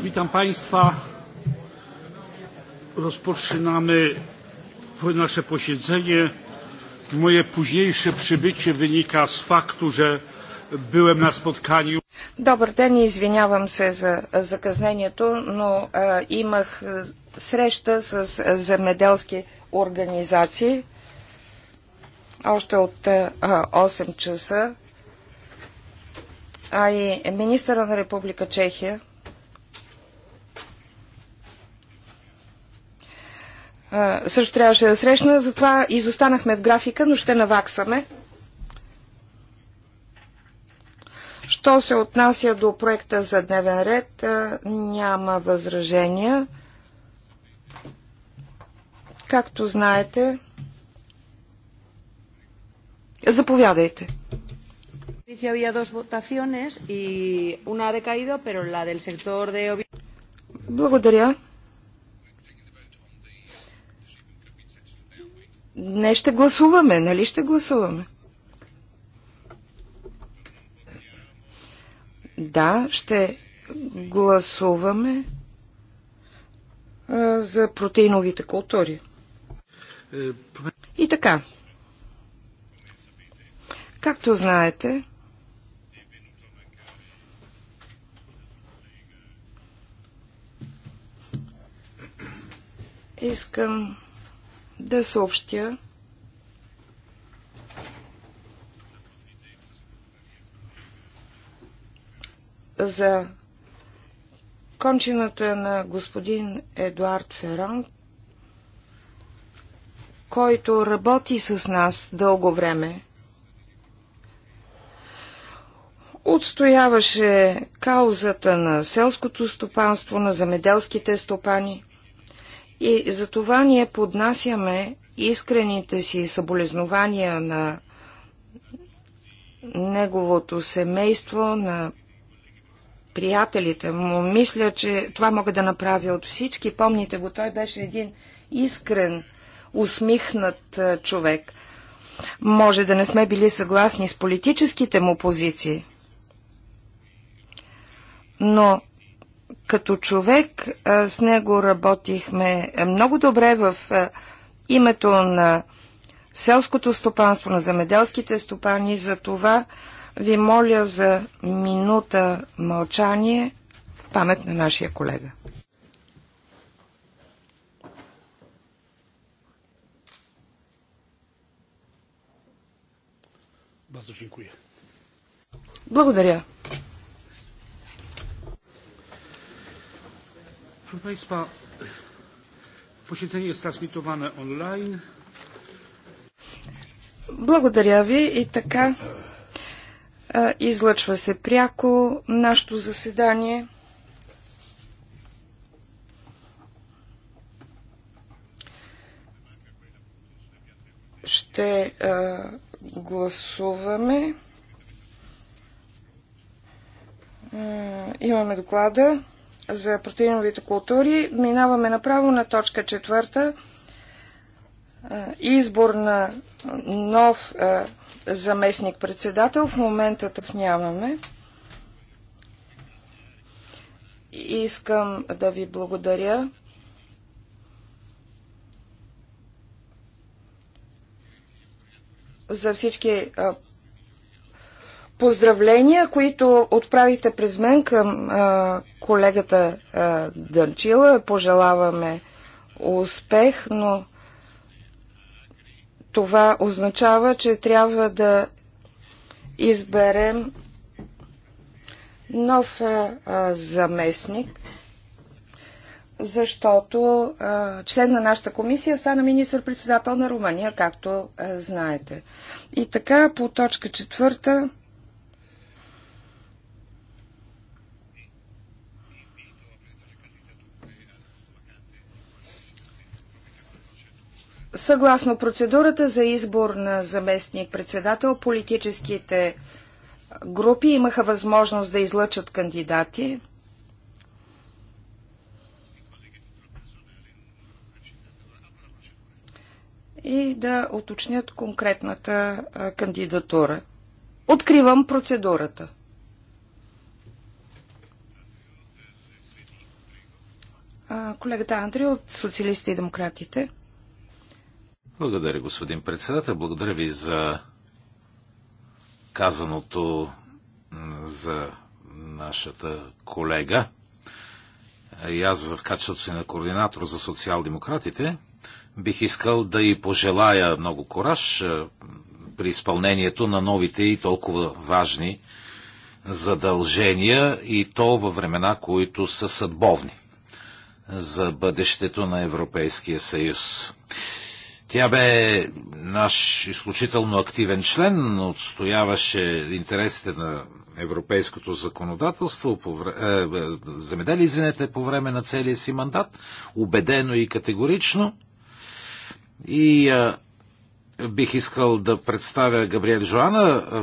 Witam Państwa. Rozpoczynamy nasze posiedzenie. Moje późniejsze przybycie wynika z faktu, że byłem na spotkaniu. Добър ден, извинявам се за закъснението, но а, е, имах среща с земеделски организации още от е, а, 8 часа, а и министъра на Република Чехия също трябваше да срещна, затова изостанахме в графика, но ще наваксаме. Що се отнася до проекта за дневен ред, няма възражения. Както знаете, заповядайте. Благодаря. Днес ще гласуваме, нали ще гласуваме? Да, ще гласуваме а, за протеиновите култури. И така. Както знаете, искам да съобщя, за кончината на господин Едуард Ферон, който работи с нас дълго време. Отстояваше каузата на селското стопанство, на замеделските стопани. И за това ние поднасяме искрените си съболезнования на неговото семейство, на приятелите му. Мисля, че това мога да направя от всички. Помните го, той беше един искрен, усмихнат е, човек. Може да не сме били съгласни с политическите му позиции, но като човек с него работихме много добре в името на селското стопанство, на земеделските стопани. За това ви моля за минута мълчание в памет на нашия колега. Благодаря. Proszę Państwa, posiedzenie jest transmitowane онлайн. Благодаря ви и така излъчва се пряко нашето заседание. Ще гласуваме. имаме доклада за протеиновите култури. Минаваме направо на точка четвърта. Е, избор на нов е, заместник-председател. В момента тъп нямаме. Искам да ви благодаря. за всички е, поздравления, които отправихте през мен към а, колегата а, Дънчила. Пожелаваме успех, но това означава, че трябва да изберем нов а, заместник, защото а, член на нашата комисия стана министър-председател на Румъния, както а, знаете. И така по точка четвърта. Съгласно процедурата за избор на заместник-председател, политическите групи имаха възможност да излъчат кандидати. и да уточнят конкретната кандидатура. Откривам процедурата. Колегата Андри от Социалисти и демократите. Благодаря, господин председател. Благодаря ви за казаното за нашата колега. И аз в качеството си на координатор за социал-демократите бих искал да и пожелая много кораж е, при изпълнението на новите и толкова важни задължения и то във времена, които са съдбовни за бъдещето на Европейския съюз. Тя бе наш изключително активен член, отстояваше интересите на европейското законодателство, по вре... е, е замедели, извинете, по време на целия си мандат, убедено и категорично. И е, бих искал да представя Габриел Жоана, е,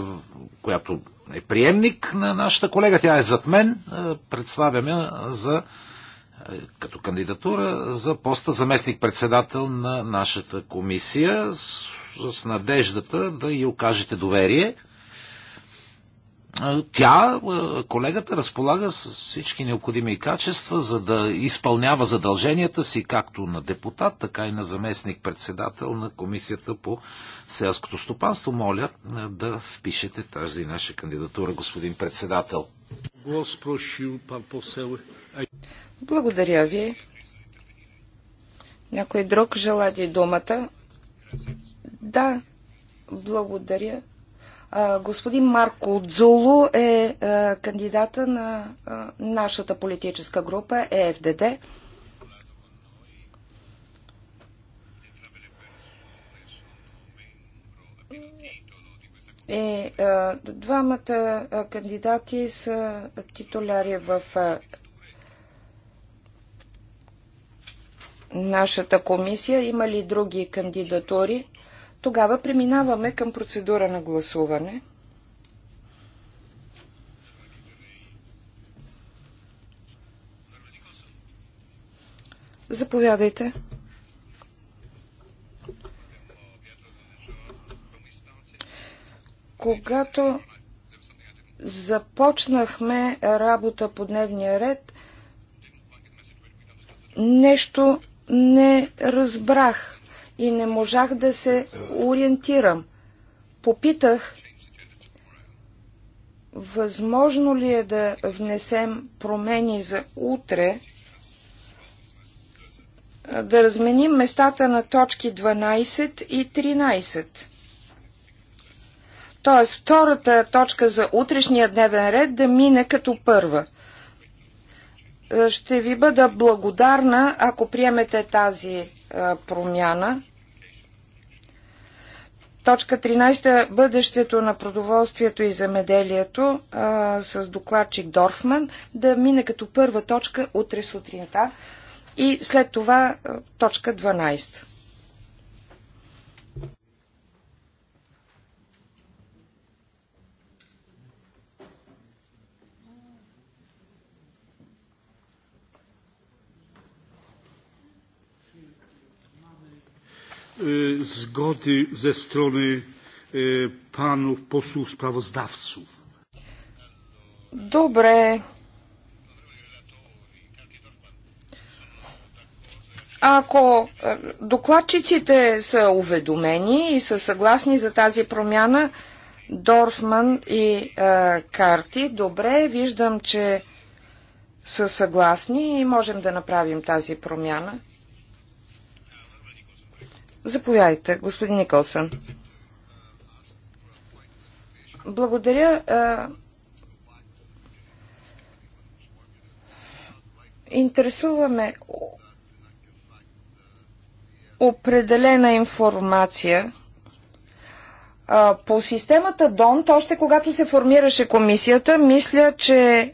която е приемник на нашата колега. Тя е зад мен. Е, представяме за като кандидатура за поста заместник-председател на нашата комисия с надеждата да й окажете доверие. Тя, колегата, разполага с всички необходими качества, за да изпълнява задълженията си както на депутат, така и на заместник-председател на Комисията по селското стопанство. Моля да впишете тази наша кандидатура, господин председател. Благодаря ви. Някой друг жела ли думата? Да, благодаря. Господин Марко Дзулу е кандидата на нашата политическа група ЕФДД. И е, двамата кандидати са титуляри в нашата комисия. Има ли други кандидатури? Тогава преминаваме към процедура на гласуване. Заповядайте. Когато започнахме работа по дневния ред, нещо не разбрах и не можах да се ориентирам. Попитах, възможно ли е да внесем промени за утре, да разменим местата на точки 12 и 13. Тоест, втората точка за утрешния дневен ред да мине като първа – ще ви бъда благодарна, ако приемете тази е, промяна. Точка 13. Бъдещето на продоволствието и замеделието а, с докладчик Дорфман да мине като първа точка утре сутринта и след това а, е, точка 12. E, zgody ze strony e, panów posłów sprawozdawców. Dobre. Ако e, докладчиците са уведомени и са съгласни за тази промяна, Дорфман и е, Карти, добре, виждам, че са съгласни и можем да направим тази промяна. Заповядайте, господин Николсън. Благодаря. Интересуваме определена информация по системата ДОНТ, още когато се формираше комисията, мисля, че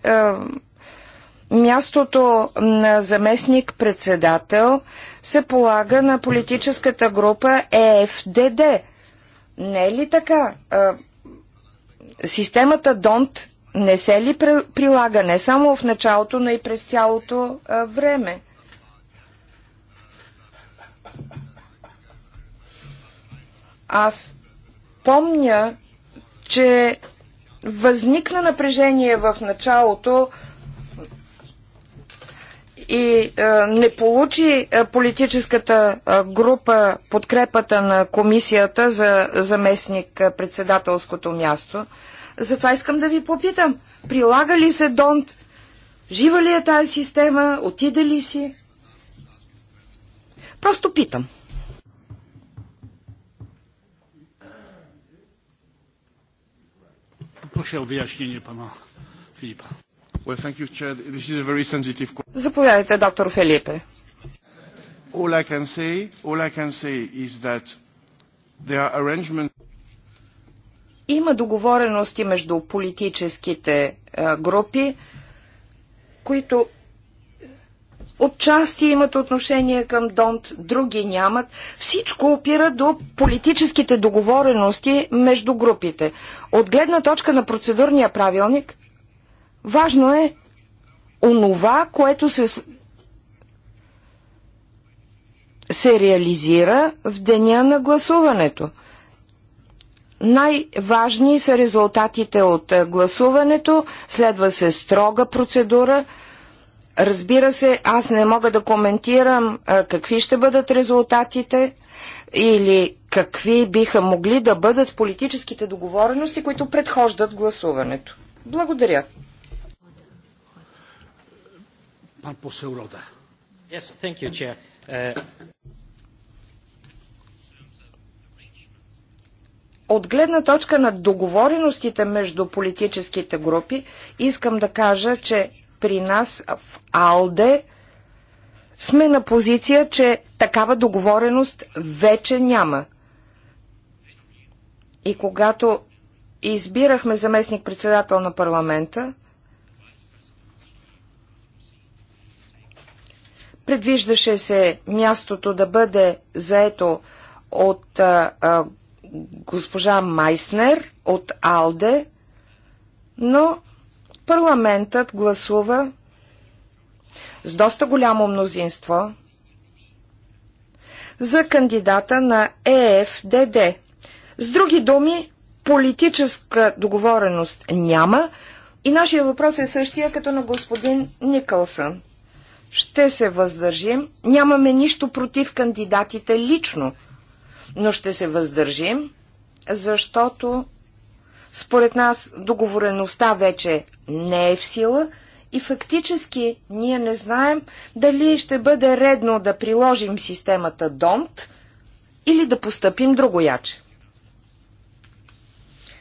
мястото на заместник-председател се полага на политическата група ЕФДД. Не е ли така? Системата ДОНТ не се ли прилага не само в началото, но и през цялото време? Аз помня, че възникна напрежение в началото и е, не получи е, политическата е, група подкрепата на комисията за заместник председателското място. Затова искам да ви попитам, прилага ли се Донт? Жива ли е тази система? Отиде ли си? Просто питам. Proszę вияснение, пана Филипа. Заповядайте, доктор Фелипе. има договорености между политическите е, групи, които отчасти имат отношение към Донт, други нямат. Всичко опира до политическите договорености между групите. От гледна точка на процедурния правилник, Важно е онова, което се, се реализира в деня на гласуването. Най-важни са резултатите от е, гласуването, следва се строга процедура. Разбира се, аз не мога да коментирам а, е, какви ще бъдат резултатите или какви биха могли да бъдат политическите договорености, които предхождат гласуването. Благодаря. Pan poseł Roda. Yes, thank you, Chair. Uh, От гледна точка на договореностите между политическите групи, искам да кажа, че при нас в АЛДЕ сме на позиция, че такава договореност вече няма. И когато избирахме заместник председател на парламента, Предвиждаше се мястото да бъде заето от а, а, госпожа Майснер от Алде, но парламентът гласува с доста голямо мнозинство за кандидата на ЕФДД. С други думи, политическа договореност няма и нашия въпрос е същия като на господин Никълсън ще се въздържим. Нямаме нищо против кандидатите лично, но ще се въздържим, защото според нас договореността вече не е в сила и фактически ние не знаем дали ще бъде редно да приложим системата ДОМТ или да постъпим другояче.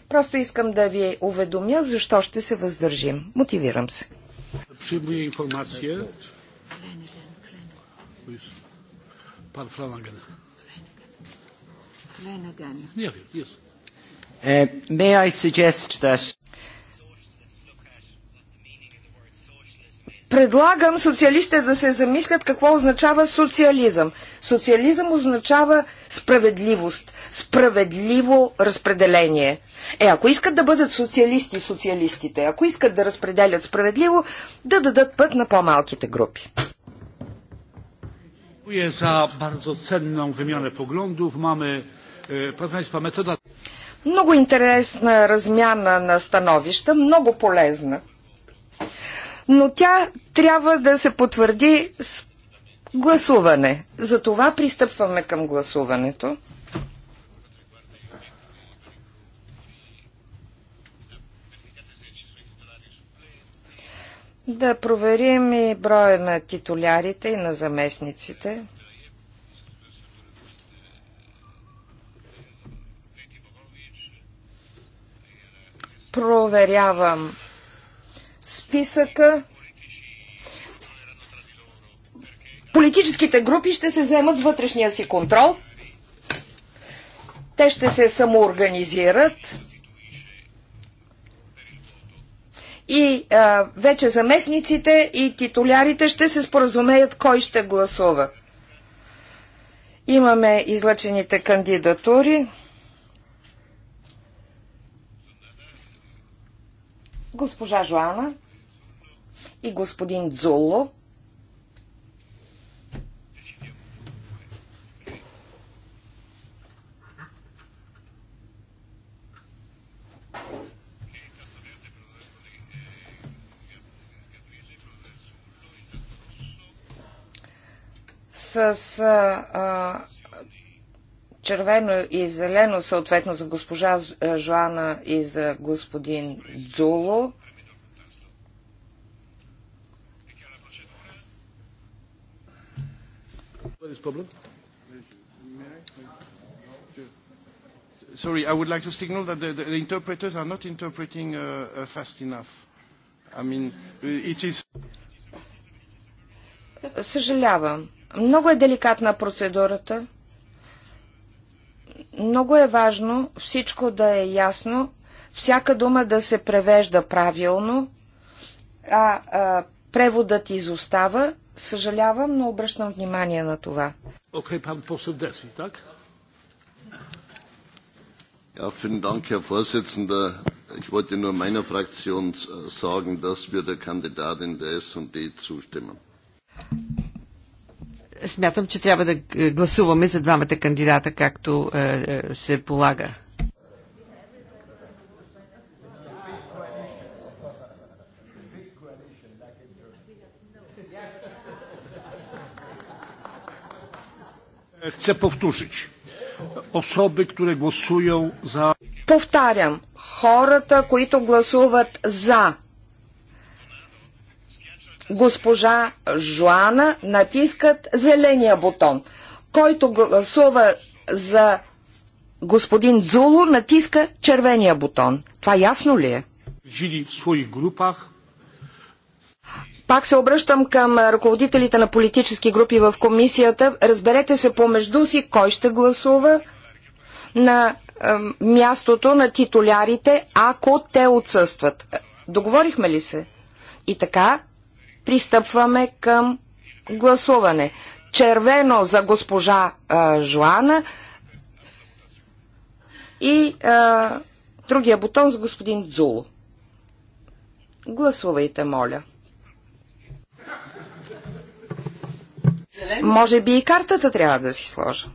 Просто искам да ви уведомя защо ще се въздържим. Мотивирам се. Приема информация Pan Flanagan. Flanagan. May I suggest that Предлагам социалистите да се замислят какво означава социализъм. Социализъм означава справедливост, справедливо разпределение. Е, ако искат да бъдат социалисти, социалистите, ако искат да разпределят справедливо, да дадат път на по-малките групи. E, много интересна размяна на становища, много полезна но тя трябва да се потвърди с гласуване. Затова пристъпваме към гласуването. Да проверим и броя на титулярите и на заместниците. Проверявам списъка политическите групи ще се вземат с вътрешния си контрол. Те ще се самоорганизират и а, вече заместниците и титулярите ще се споразумеят кой ще гласува. Имаме излъчените кандидатури. госпожа Жоана и господин Дзуло. С а, червено и зелено, съответно за госпожа Жоана и за господин Дзуло. Sorry, I would like to signal that the, the, the interpreters are not interpreting uh, uh, fast enough. I mean, it is... Съжалявам. Много е деликатна процедурата. Много е важно всичко да е ясно, всяка дума да се превежда правилно, а, а преводът изостава. Съжалявам, но обръщам внимание на това. Окей, пан посъл Деси, так? Ja, vielen Dank, Herr Vorsitzender. Ich wollte nur meiner Fraktion äh, sagen, dass wir der Kandidatin der S&D zustimmen смятам, че трябва да гласуваме за двамата кандидата, както е, е, се полага. Chcę powtórzyć. Osoby, które głosują za. Powtarzam. Хората, които гласуват за госпожа Жоана натискат зеления бутон. Който гласува за господин Дзуло, натиска червения бутон. Това ясно ли е? Жили в свои групах. Пак се обръщам към ръководителите на политически групи в комисията. Разберете се помежду си кой ще гласува на е, мястото на титулярите, ако те отсъстват. Договорихме ли се? И така, пристъпваме към гласуване. Червено за госпожа а, Жуана и а, другия бутон за господин Дзуло. Гласувайте, моля. Може би и картата трябва да си сложа.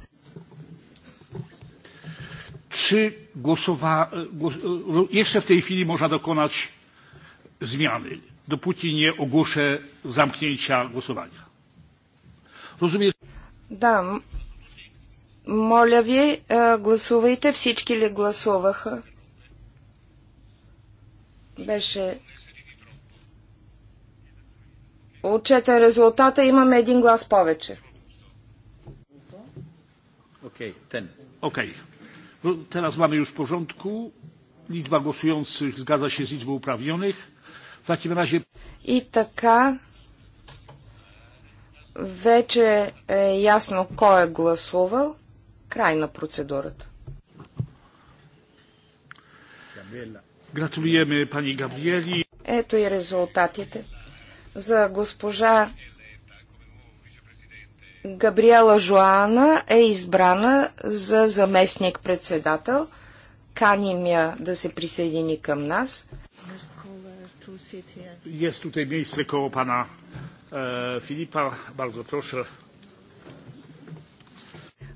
Czy głosowa... jeszcze w tej chwili można dokonać zmiany? dopóki nie ogłoszę zamknięcia głosowania. Rozumiem. Да, моля ви, гласувайте. Всички ли гласуваха? Беше резултата. Имаме един глас повече. Окей, тен. Окей. Okay. Teraz mamy już w porządku. Liczba głosujących zgadza się z liczbą uprawnionych Значи, и така, вече е ясно кой е гласувал. Край на процедурата. Gratulujemy pani Gabrieli. Ето и резултатите. За госпожа Габриела Жоана е избрана за заместник-председател. Каним я да се присъедини към нас to Jest tutaj miejsce koło pana Filipa. Bardzo proszę.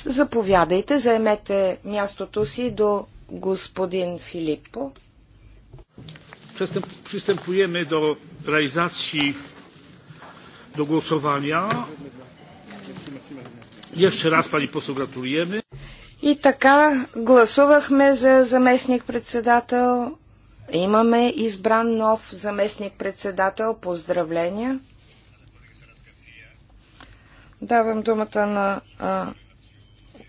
Заповядайте, заемете мястото си до господин Филиппо. Przystępujemy do realizacji, do głosowania. Jeszcze raz pani poseł gratulujemy. И така гласувахме за заместник-председател Имаме избран нов заместник-председател. Поздравления! Давам думата на а,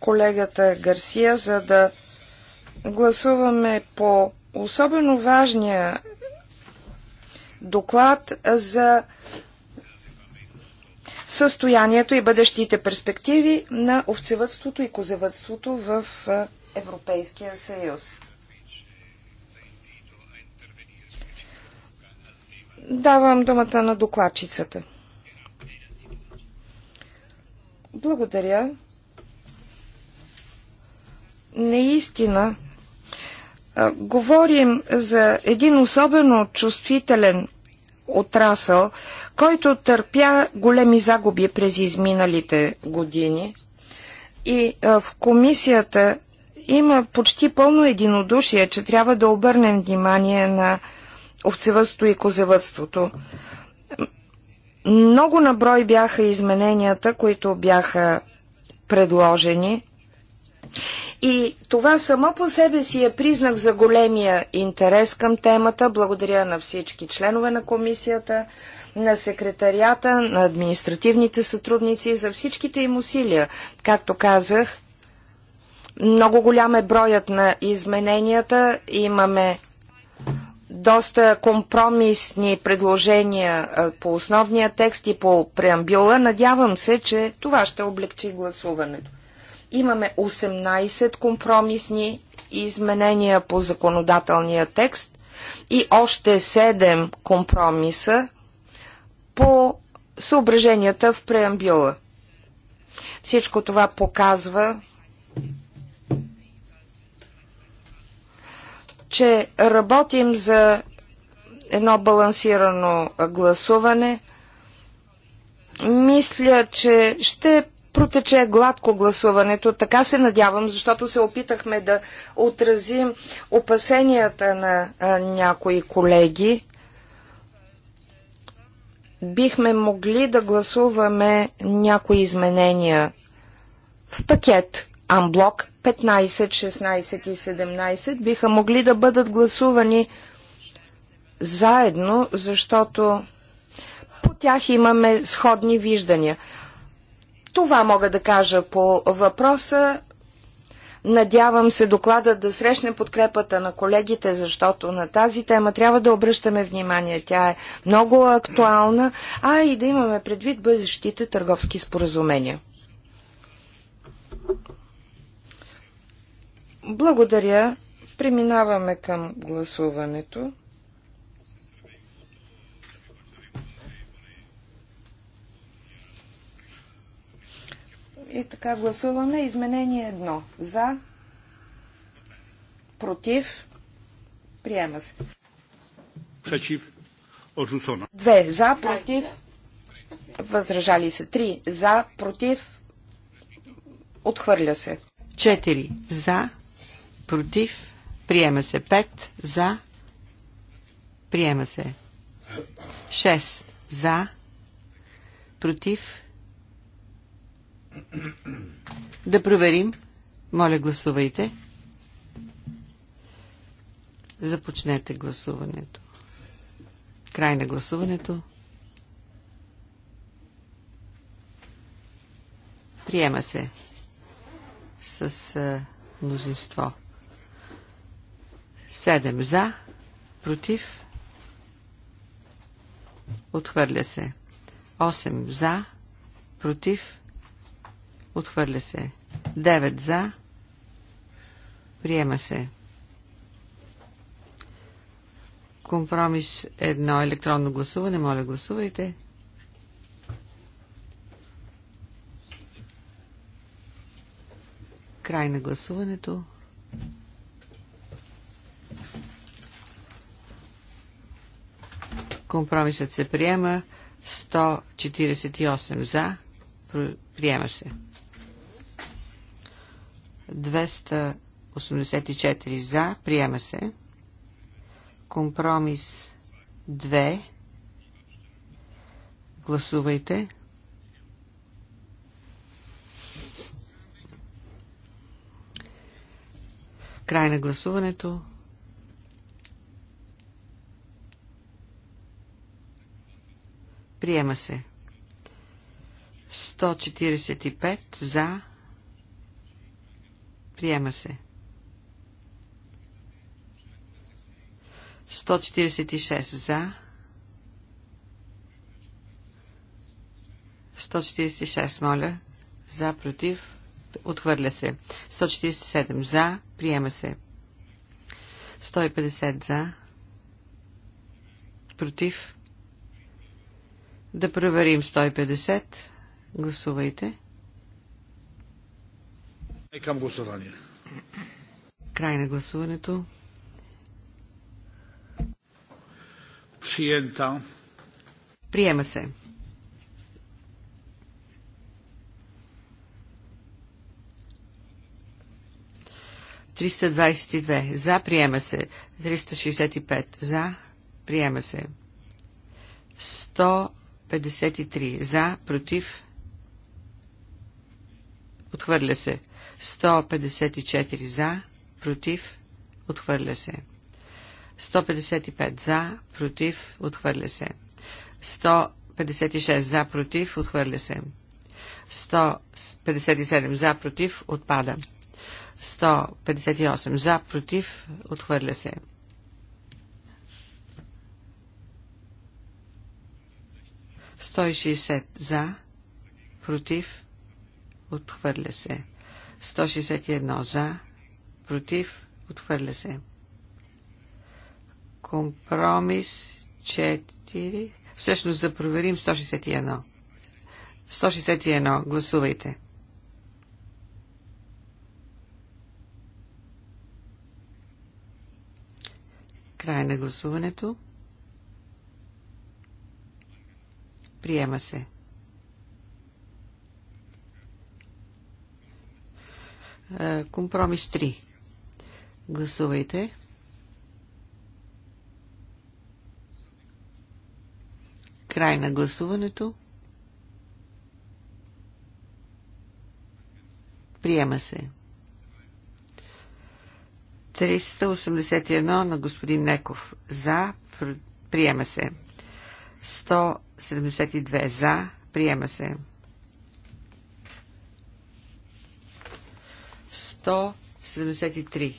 колегата Гарсия, за да гласуваме по особено важния доклад за състоянието и бъдещите перспективи на овцевътството и козевътството в Европейския съюз. Давам думата на докладчицата. Благодаря. Наистина, говорим за един особено чувствителен отрасъл, който търпя големи загуби през изминалите години. И в комисията има почти пълно единодушие, че трябва да обърнем внимание на овцевъдството и козевъдството. Много наброй бяха измененията, които бяха предложени. И това само по себе си е признак за големия интерес към темата. Благодаря на всички членове на комисията, на секретарията, на административните сътрудници за всичките им усилия. Както казах, много голям е броят на измененията. Имаме доста компромисни предложения по основния текст и по преамбюла. Надявам се, че това ще облегчи гласуването. Имаме 18 компромисни изменения по законодателния текст и още 7 компромиса по съображенията в преамбюла. Всичко това показва че работим за едно балансирано гласуване. Мисля, че ще протече гладко гласуването. Така се надявам, защото се опитахме да отразим опасенията на а, някои колеги. Бихме могли да гласуваме някои изменения в пакет Амблок 15, 16 и 17 биха могли да бъдат гласувани заедно, защото по тях имаме сходни виждания. Това мога да кажа по въпроса. Надявам се доклада да срещне подкрепата на колегите, защото на тази тема трябва да обръщаме внимание. Тя е много актуална, а и да имаме предвид бъдещите търговски споразумения. Благодаря. Преминаваме към гласуването. И така гласуваме изменение едно За. Против. Приема се. Przeciw. Odrzucona. Две. За. Против. Въздържали се. Три За. Против. Отхвърля се. Четири За против, приема се 5 за, приема се 6 за, против. Да проверим. Моля, гласувайте. Започнете гласуването. Край на гласуването. Приема се с мнозинство. 7 за, против, отхвърля се. 8 за, против, отхвърля се. 9 за, приема се. Компромис 1 електронно гласуване, моля гласувайте. Край на гласуването. Компромисът се приема. 148 за. Приема се. 284 за. Приема се. Компромис 2. Гласувайте. Край на гласуването. Приема се. 145 за. Приема се. 146 за. 146, моля. За, против. Отхвърля се. 147 за. Приема се. 150 за. Против. Да проверим 150. Гласувайте. И към гласуване. Край на гласуването. Приента. Приема се. Триста двадесет две. За. Приема се. Триста шестдесет и пет. За. Приема се. Сто 153 за, против, отхвърля се. 154 за, против, отхвърля се. 155 за, против, отхвърля се. 156 за, против, отхвърля се. 157 за, против, отпада. 158 за, против, отхвърля се. 160 за, против, отхвърля се. 161 за, против, отхвърля се. Компромис 4. Всъщност да проверим 161. 161. Гласувайте. Край на гласуването. Приема се. Е, компромис 3. Гласувайте. Край на гласуването. Приема се. 381 на господин Неков. За. Приема се. 100 72 за. Приема се. 173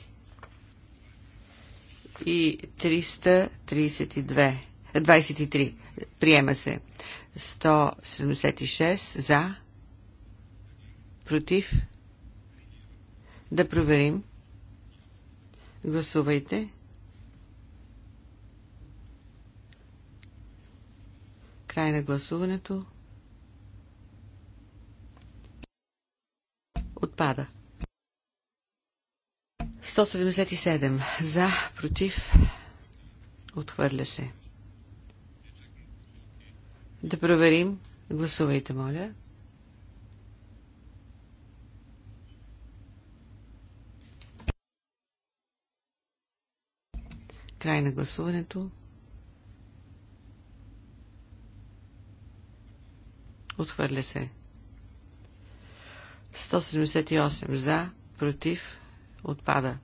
и 332. 23. Приема се. 176 за. Против. Да проверим. Гласувайте. Край на гласуването. Отпада. 177. За, против, отхвърля се. Да проверим. Гласувайте, моля. Край на гласуването. Отхвърля се. 178 за, против, отпада.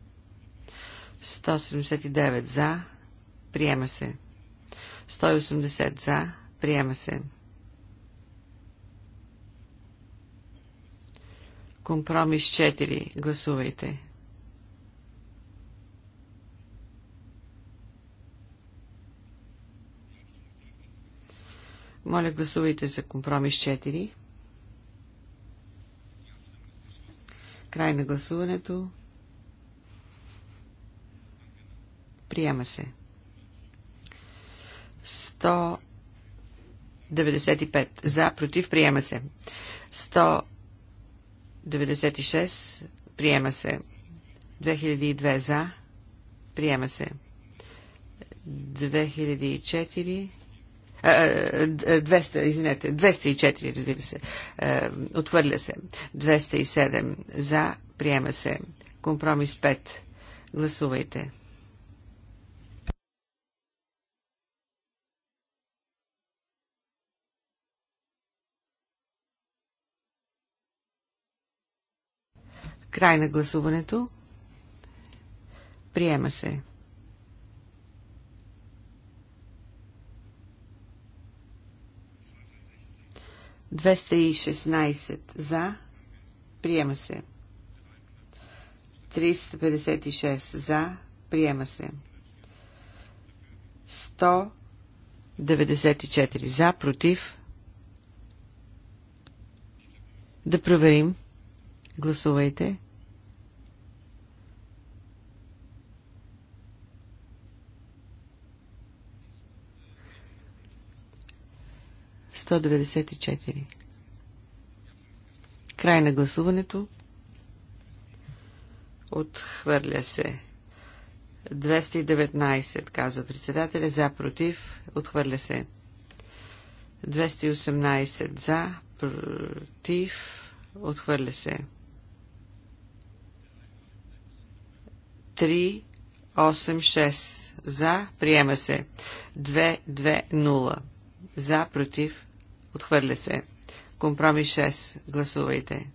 179 за, приема се. 180 за, приема се. Компромис 4. Гласувайте. Моля, гласувайте за компромис 4. Край на гласуването. Приема се. 195. За, против, приема се. 196. Приема се. 2002. За. Приема се. 2004. 200, е, извинете, 204, разбира се. Е, Отвърля се. 207 за, приема се. Компромис 5. Гласувайте. Край на гласуването. Приема се. 216 за. Приема се. 356 за. Приема се. 194 за. Против. Да проверим. Гласувайте. 194. Край на гласуването. Отхвърля се. 219, казва председателя. За, против. Отхвърля се. 218 за, против. Отхвърля се. 3, 8, 6 за, приема се. 2, 2, 0 за, против. Отхвърля се. Компромис 6. Гласувайте.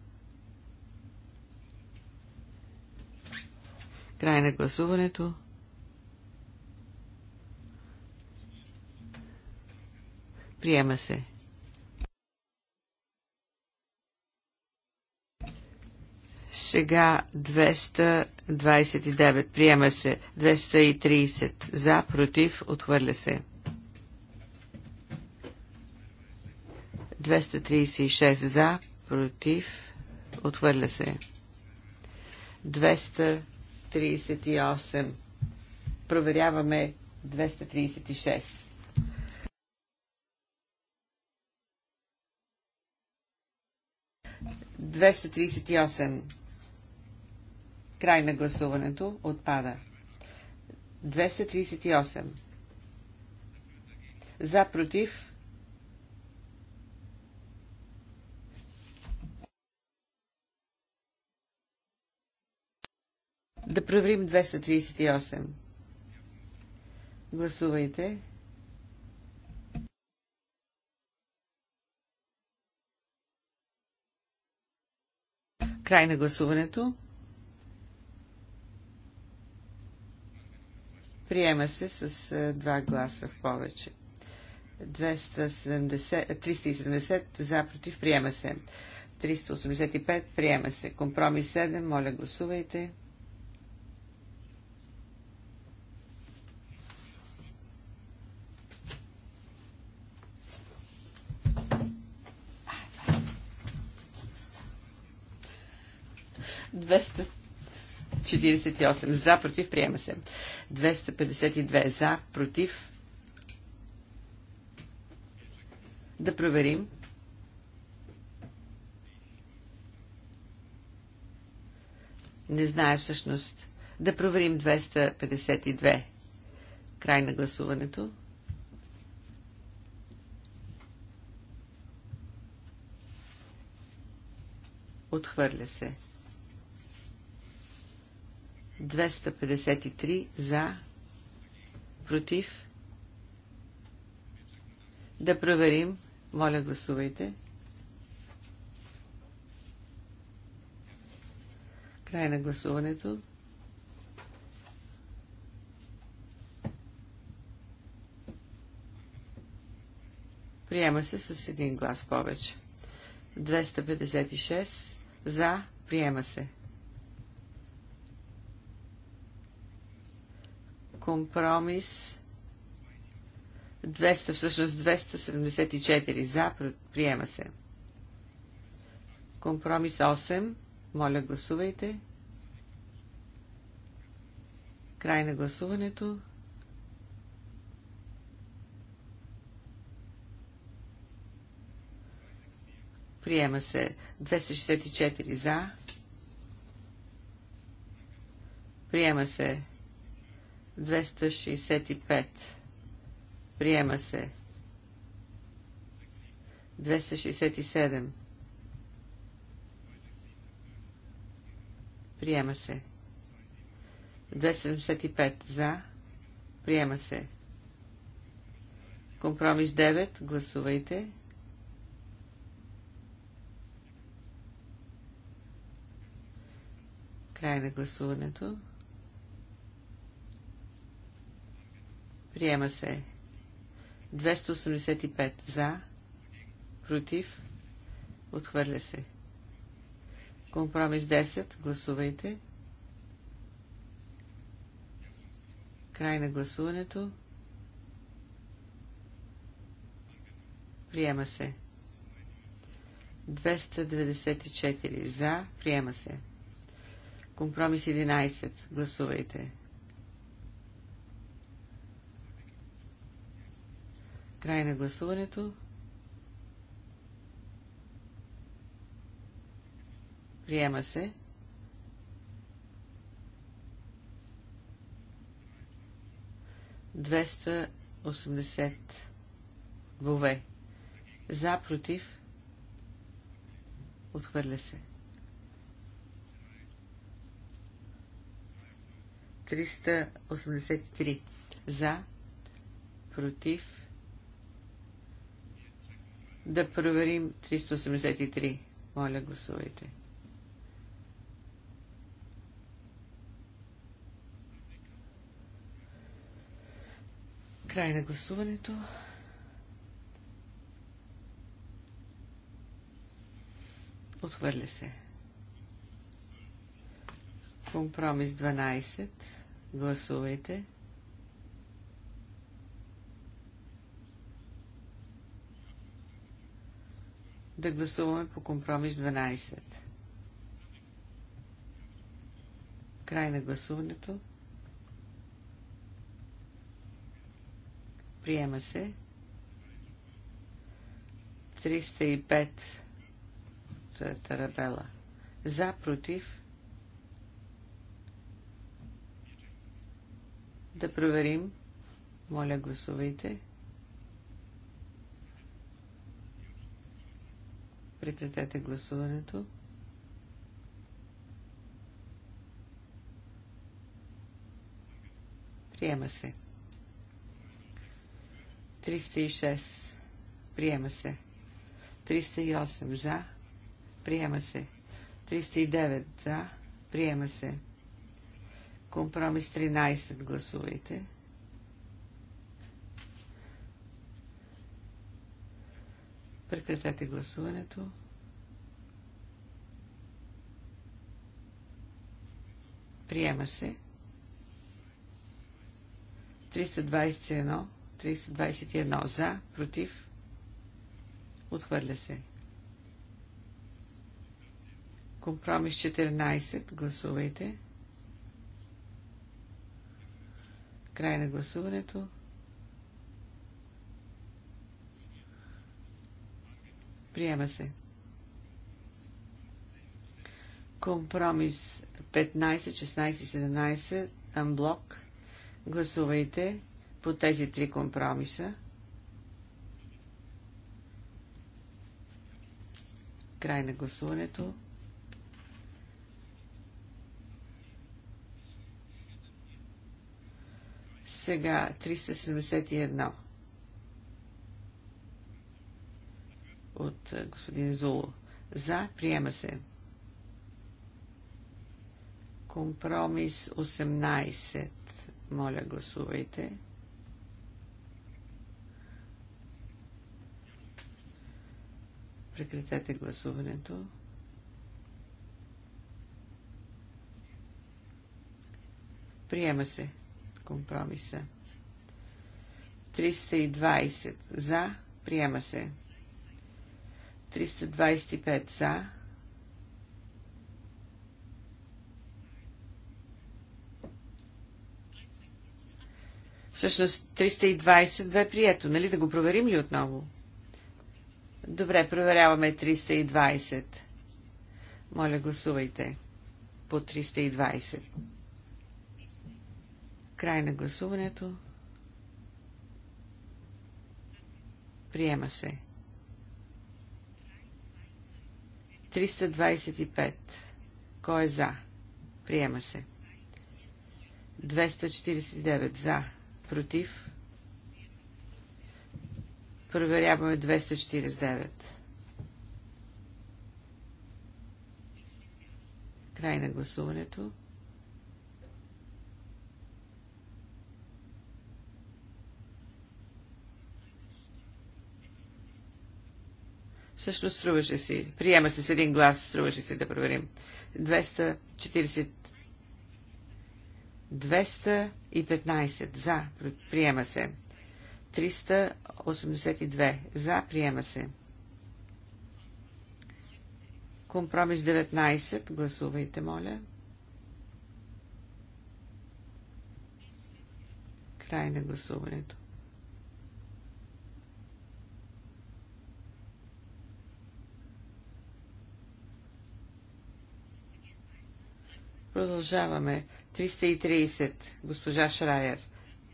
Край на гласуването. Приема се. Сега 229. Приема се. 230. За, против, отхвърля се. 236 за, против, отхвърля се. 238. Проверяваме 236. Двеста Край на гласуването. Отпада. 238. За против Да проверим 238. Гласувайте. Край на гласуването. Приема се с два гласа в повече. 270, 370 за против приема се. 385 приема се. Компромис 7, моля гласувайте. 248 за, против, приема се. 252 за, против. Да проверим. Не знае всъщност. Да проверим 252. Край на гласуването. Отхвърля се. 253 за, против. Да проверим. Моля, гласувайте. Край на гласуването. Приема се с един глас повече. 256 за. Приема се. компромис 200, всъщност 274 за, приема се. Компромис 8, моля гласувайте. Край на гласуването. Приема се 264 за. Приема се 265. Приема се. 267. Приема се. 275 за. Приема се. Компромис 9. Гласувайте. Край на гласуването. Приема се. 285 за. Против. Отхвърля се. Компромис 10. Гласувайте. Край на гласуването. Приема се. 294 за. Приема се. Компромис 11. Гласувайте. Край на гласуването. Приема се. Двеста осемдесет бове. За, против, отхвърля се. 383 за, против, да проверим 383. Моля, гласувайте. Край на гласуването. Отхвърля се. Компромис 12. Гласувайте. да гласуваме по компромис 12. Край на гласуването. Приема се. 305 е Тарабела. За, против. Да проверим. Моля, гласувайте. Прекратете гласуването. Приема се. 306. Приема се. 308 за. Приема се. 309 за. Приема се. Компромис 13. Гласувайте. Прекратете гласуването. Приема се. 321, 321 за, против, отхвърля се. Компромис 14, гласувайте. Край на гласуването. Приема се. Компромис 15, 16, 17, Анблок. Гласувайте по тези три компромиса. Край на гласуването. Сега 371. от е, господин Зулу. За, приема се. Компромис 18. Моля, гласувайте. Прекратете гласуването. Приема се компромиса. 320 за. Приема се. 325 за. Всъщност 320 бе прието, нали? Да го проверим ли отново? Добре, проверяваме 320. Моля, гласувайте по 320. Край на гласуването. Приема се. 325. Кой е за? Приема се. 249 за. Против. Проверяваме 249. Край на гласуването. Също струваше си. Приема се с един глас, струваше си да проверим. 240. 215 за. Приема се. 382 за. Приема се. Компромис 19. Гласувайте, моля. Край на гласуването. Продължаваме. 330. Госпожа Шрайер.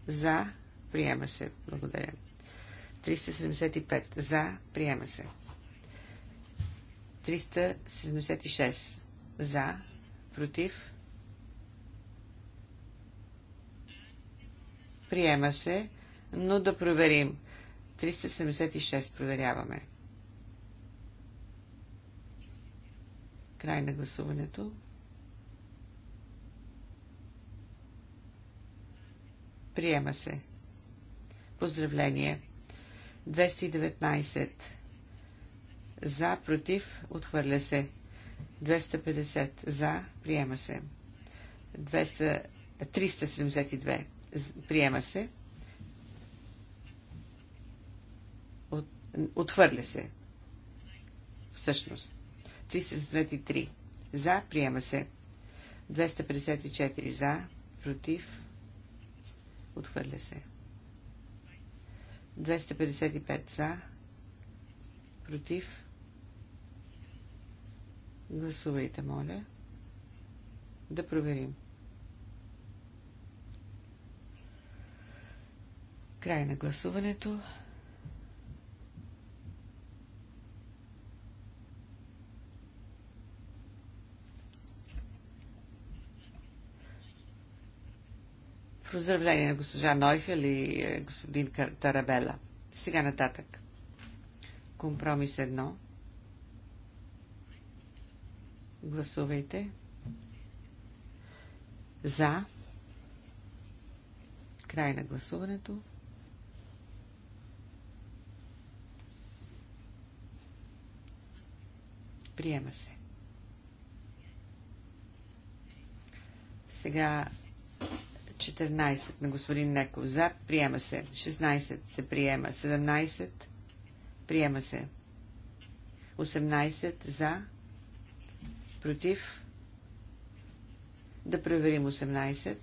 За. Приема се. Благодаря. 375. За. Приема се. 376. За. Против. Приема се, но да проверим. 376 проверяваме. Край на гласуването. Приема се. Поздравление. 219. За, против, отхвърля се. 250. За, приема се. 200, 372. Приема се. От, отхвърля се. Всъщност. 373. За, приема се. 254. За, против, Отхвърля се. 255 за. Против. Гласувайте, моля. Да проверим. Край на гласуването. Поздравление на госпожа Нойхел и е, господин Тарабела. Сега нататък. Компромис едно. Гласувайте. За. Край на гласуването. Приема се. Сега 14 на господин Неков за, приема се. 16 се приема. 17 приема се. 18 за, против. Да проверим 18.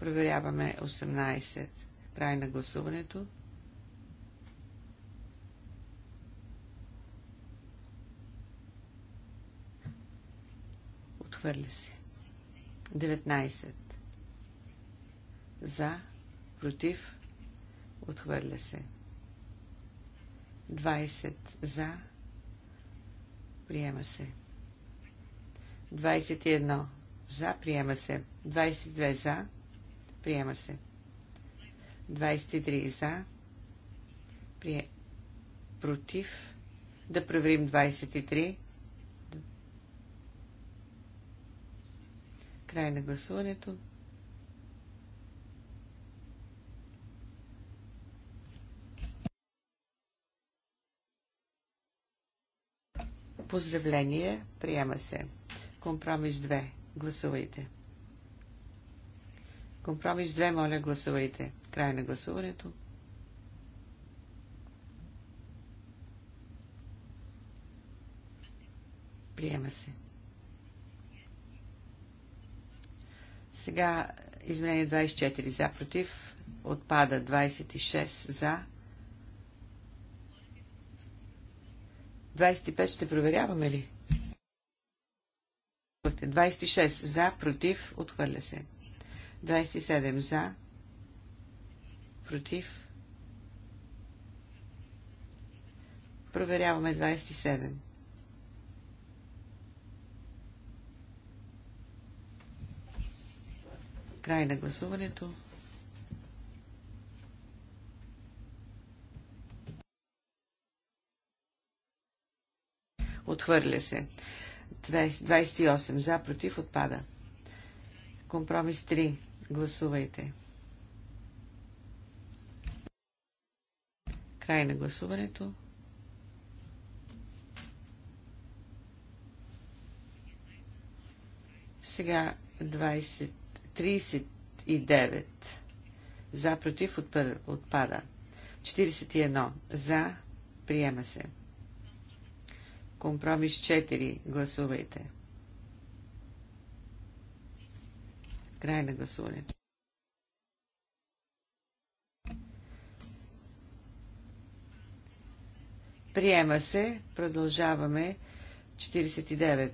Проверяваме 18. Край на гласуването. Отхвърля се. 19. За, против, отхвърля се. 20. За, приема се. 21. За, приема се. 22. За, приема се. 23. За, прие... против. Да проверим 23. Край на гласуването. Поздравление. Приема се. Компромис 2. Гласувайте. Компромис 2, моля, гласувайте. Край на гласуването. Приема се. Сега изменение 24 за против. Отпада 26 за. 25 ще проверяваме ли? 26 е за, против, отхвърля се. 27 за, против. Проверяваме 27. Край на гласуването. Отхвърля се. 28 за, против, отпада. Компромис 3. Гласувайте. Край на гласуването. Сега 39. За, против, отпада. 41. За, приема се. Компромис 4. Гласувайте. Край на гласуването. Приема се. Продължаваме. 49.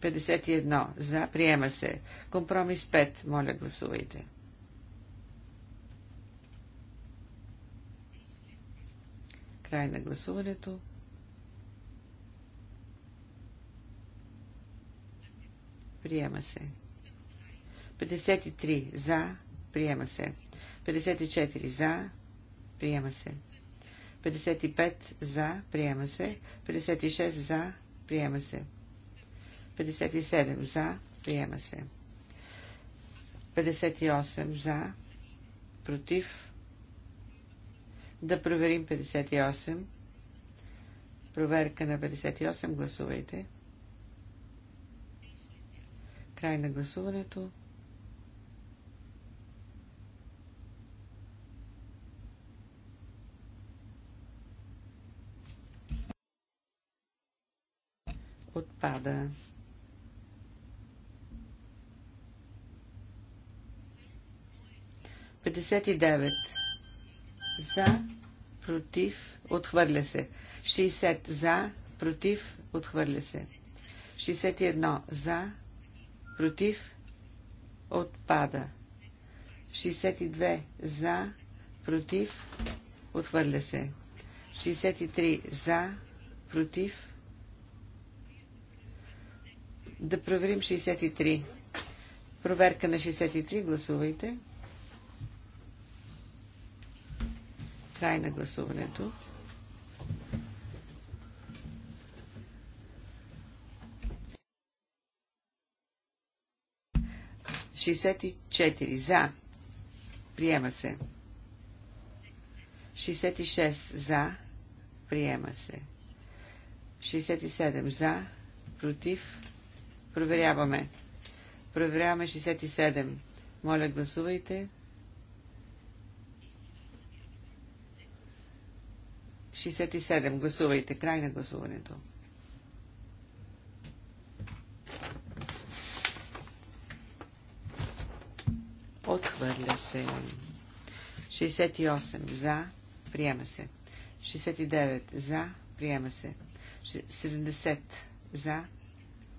51. За. Приема се. Компромис 5. Моля, гласувайте. Край на гласуването. Приема се. 53. За. Приема се. 54. За. Приема се. 55. За. Приема се. 56. За. Приема се. 57 за. Приема се. 58 за. Против. Да проверим 58. Проверка на 58. Гласувайте. Край на гласуването. Отпада. 59. За, против, отхвърля се. 60. За, против, отхвърля се. 61. За, против, отпада. 62. За, против, отхвърля се. 63. За, против. Да проверим 63. Проверка на 63. Гласувайте. 63. Край на гласуването. Шестдесет За. Приема се. 66 за. Приема се. 67 за. Против. Проверяваме. Проверяваме 67. Моля, гласувайте. 67. Гласувайте. Край на гласуването. Отхвърля се. 68. За. Приема се. 69. За. Приема се. 70. За.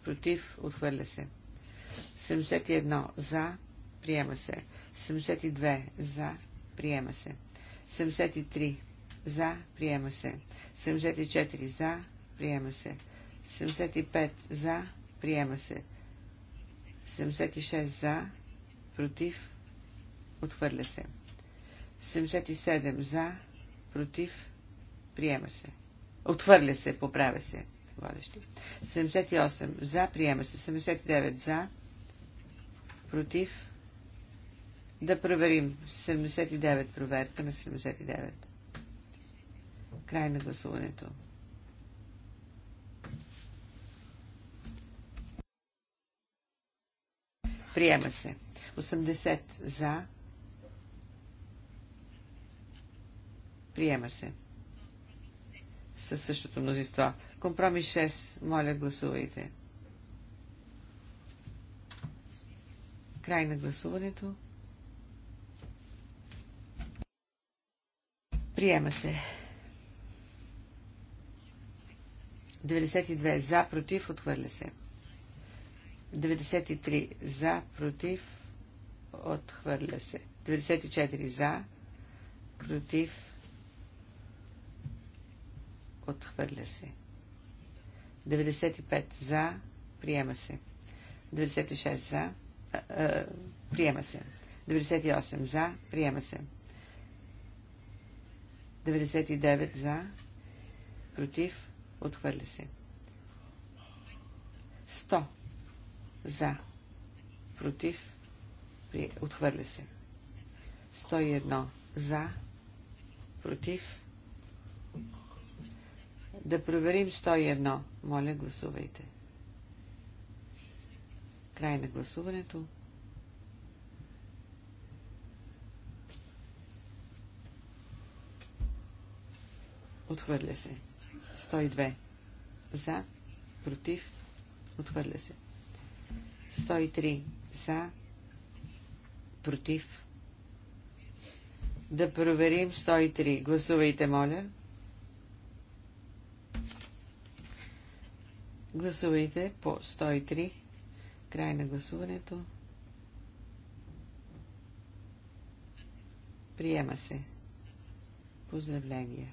Против. Отхвърля се. 71. За. Приема се. 72. За. Приема се. 73 за, приема се. 74 за, приема се. 75 за, приема се. 76 за, против, отхвърля се. 77 за, против, приема се. Отхвърля се, поправя се. Водещи. 78 за, приема се. 79 за, против. Да проверим. 79 проверка на 79. Край на гласуването. Приема се. 80 за. Приема се. Със същото мнозинство. Компромис 6. Моля, гласувайте. Край на гласуването. Приема се. 92 за, против, отхвърля се. 93 за, против, отхвърля се. 94 за, против, отхвърля се. 95 за, приема се. 96 за, а, а, приема се. 98 за, приема се. 99 за, против, Отхвърля се. 100 за. Против. При... Отхвърля се. 101 за. Против. Да проверим 101. Моля, гласувайте. Край на гласуването. Отхвърля се. 102. За. Против. Отхвърля се. 103. За. Против. Да проверим 103. Гласувайте, моля. Гласувайте по 103. Край на гласуването. Приема се. Поздравления.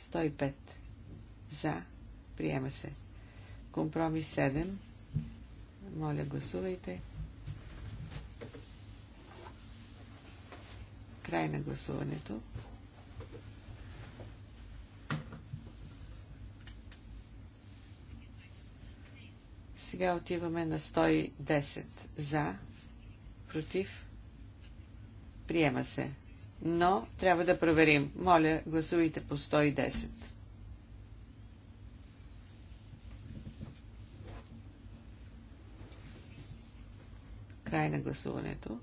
105 за, приема се. Компромис 7, моля гласувайте. Край на гласуването. Сега отиваме на 110 за, против, приема се. Но трябва да проверим. Моля, гласувайте по 110. Край на гласуването.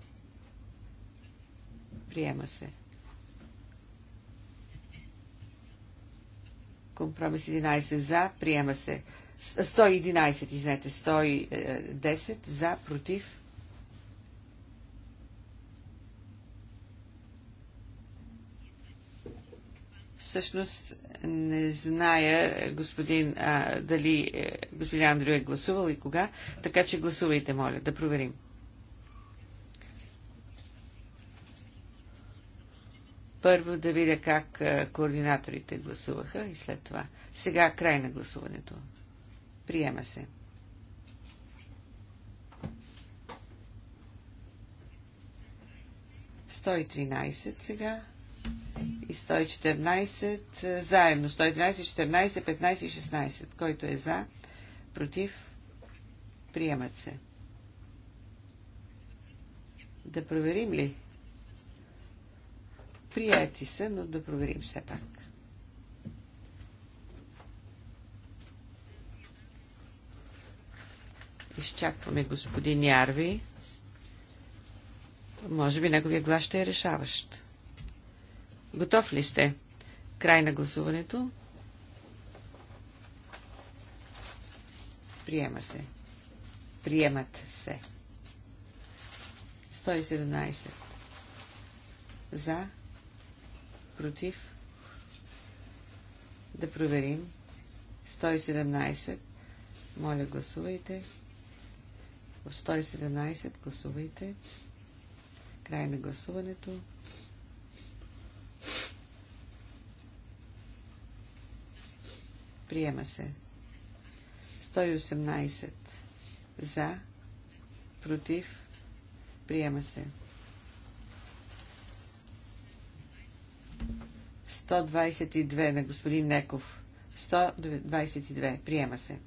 Приема се. Компромис 11 за. Приема се. 111, извинете, 110 е, за, против. Всъщност не зная господин, а, дали е, господин Андрю е гласувал и кога, така че гласувайте, моля, да проверим. Първо да видя как координаторите гласуваха и след това. Сега край на гласуването. Приема се. и 113 сега и 114 заедно. 113, 14, 15 и 16. Който е за, против, приемат се. Да проверим ли? Прияти са, но да проверим все пак. Изчакваме господин Ярви. Може би неговия глас ще е решаващ. Готов ли сте? Край на гласуването. Приема се. Приемат се. 117. За против. Да проверим. 117. Моля, гласувайте. В 117 гласувайте. Край на гласуването. Приема се. 118. За. Против. Приема се. 122 на господин Неков. 122. Приема се.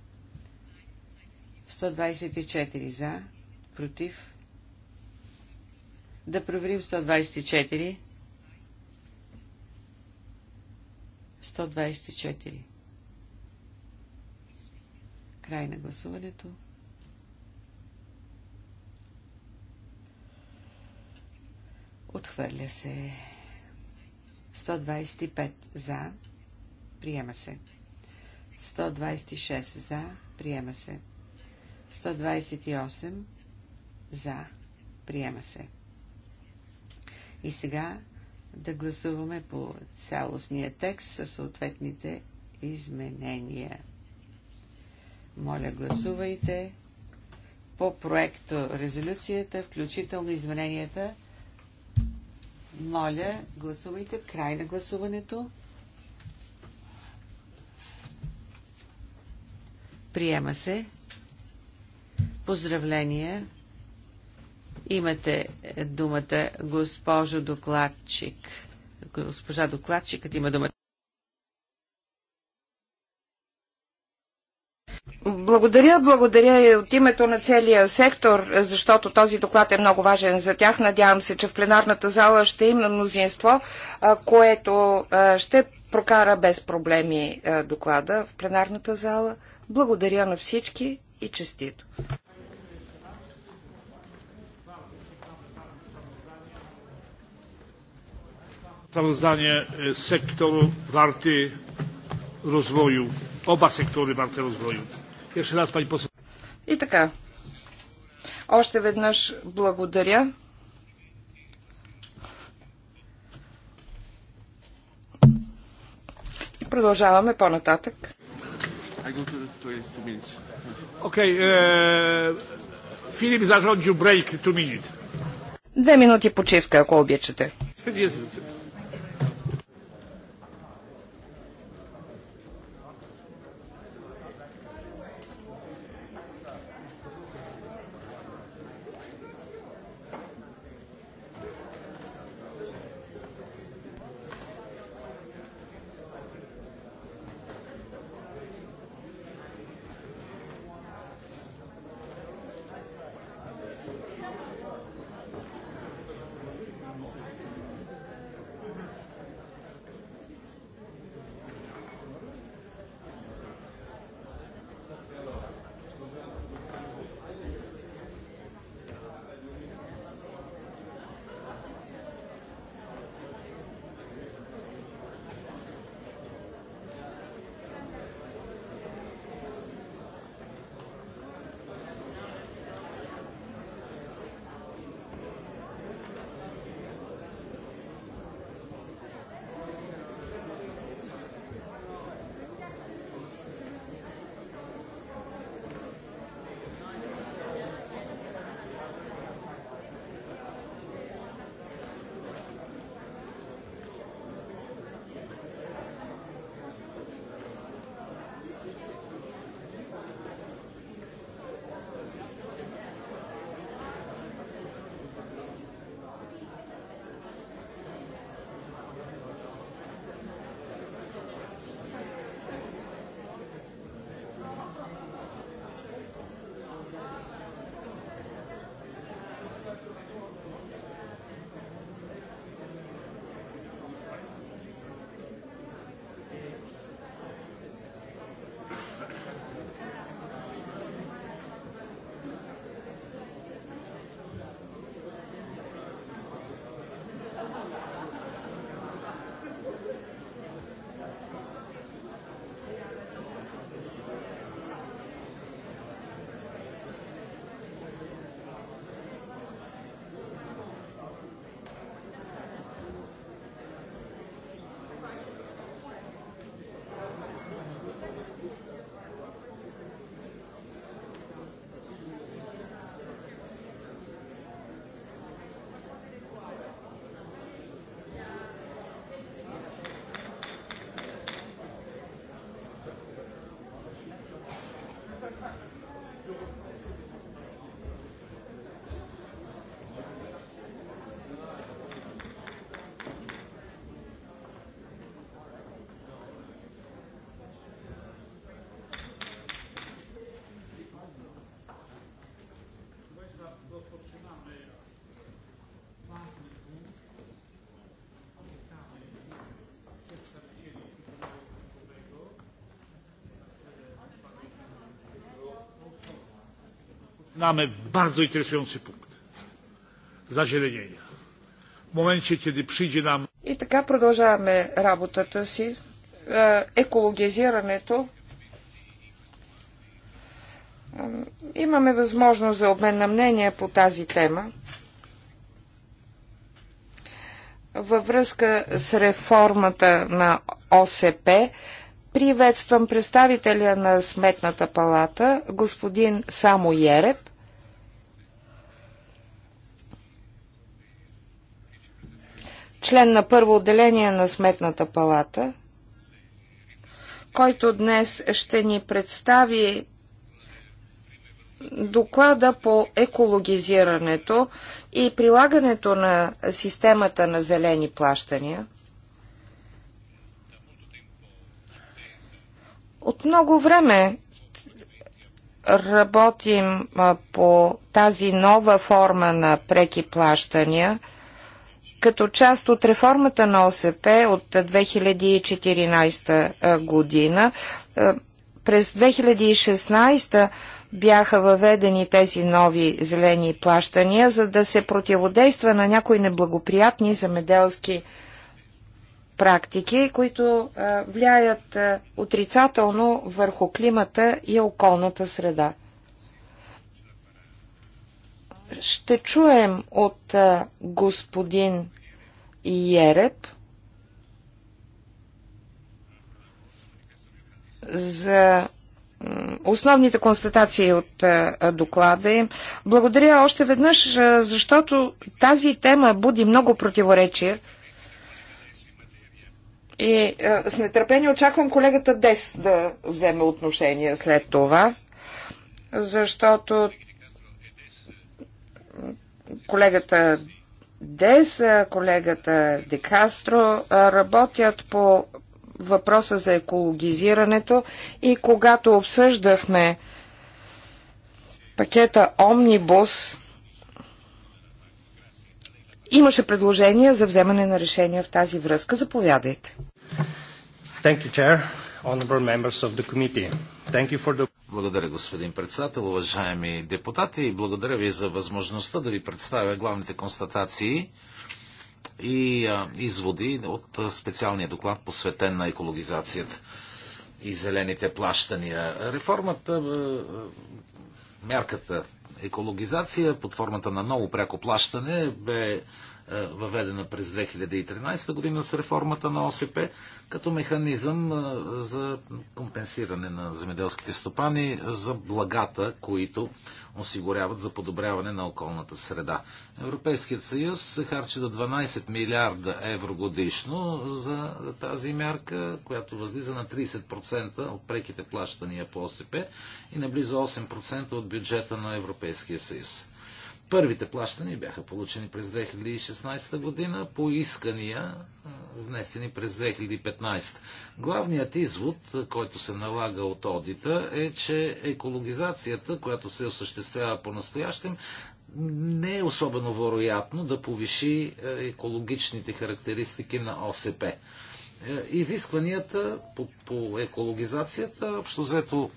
124 за. Против. Да проверим 124. 124. Край на гласуването. Отхвърля се. 125 за, приема се. 126 за, приема се. 128 за, приема се. И сега да гласуваме по цялостния текст със съответните изменения. Моля, гласувайте по проекто резолюцията, включително измененията, моля, гласувайте. Край на гласуването. Приема се. Поздравления. Имате думата, госпожо докладчик. Госпожа докладчикът има думата. Благодаря, благодаря и от името на целия сектор, защото този доклад е много важен за тях. Надявам се, че в пленарната зала ще има мнозинство, което ще прокара без проблеми доклада в пленарната зала. Благодаря на всички и честито! Sprawozdanie sektoru warty развою. Оба сектори варте развою. Jeszcze раз, пани poseł. И така. Още веднъж благодаря. Продължаваме по-нататък. Окей, Филип зарządził break 2 минути. Две минути почивка, ако обичате. Yes. mamy bardzo interesujący punkt zazielenienia. W momencie, kiedy przyjdzie nam... И така продължаваме работата си. Екологизирането. Имаме възможност за обмен на мнение по тази тема. Във връзка с реформата на ОСП, приветствам представителя на Сметната палата, господин Само Ереп, член на първо отделение на Сметната палата, който днес ще ни представи доклада по екологизирането и прилагането на системата на зелени плащания. От много време работим по тази нова форма на преки плащания – като част от реформата на ОСП от 2014 година. През 2016 бяха въведени тези нови зелени плащания, за да се противодейства на някои неблагоприятни замеделски практики, които влияят отрицателно върху климата и околната среда ще чуем от господин Йереп за основните констатации от доклада им. Благодаря още веднъж, защото тази тема буди много противоречия. И с нетърпение очаквам колегата Дес да вземе отношение след това, защото колегата Дес, колегата Декастро работят по въпроса за екологизирането и когато обсъждахме пакета Омнибус, имаше предложение за вземане на решение в тази връзка. Заповядайте. Thank you, Chair. Honorable members of the committee. Благодаря, господин председател, уважаеми депутати, и благодаря ви за възможността да ви представя главните констатации и а, изводи от специалния доклад, посветен на екологизацията и зелените плащания. Реформата, мярката екологизация под формата на ново пряко плащане бе е, въведена през 2013 година с реформата на ОСП, като механизъм е, за компенсиране на земеделските стопани за благата, които осигуряват за подобряване на околната среда. Европейският съюз се харчи до 12 милиарда евро годишно за тази мярка, която възлиза на 30% от преките плащания по ОСП и на близо 8% от бюджета на Европейския съюз. Първите плащания бяха получени през 2016 година по искания, внесени през 2015. Главният извод, който се налага от одита, е, че екологизацията, която се осъществява по-настоящем, не е особено вероятно да повиши екологичните характеристики на ОСП. Е, изискванията по, по екологизацията общо взето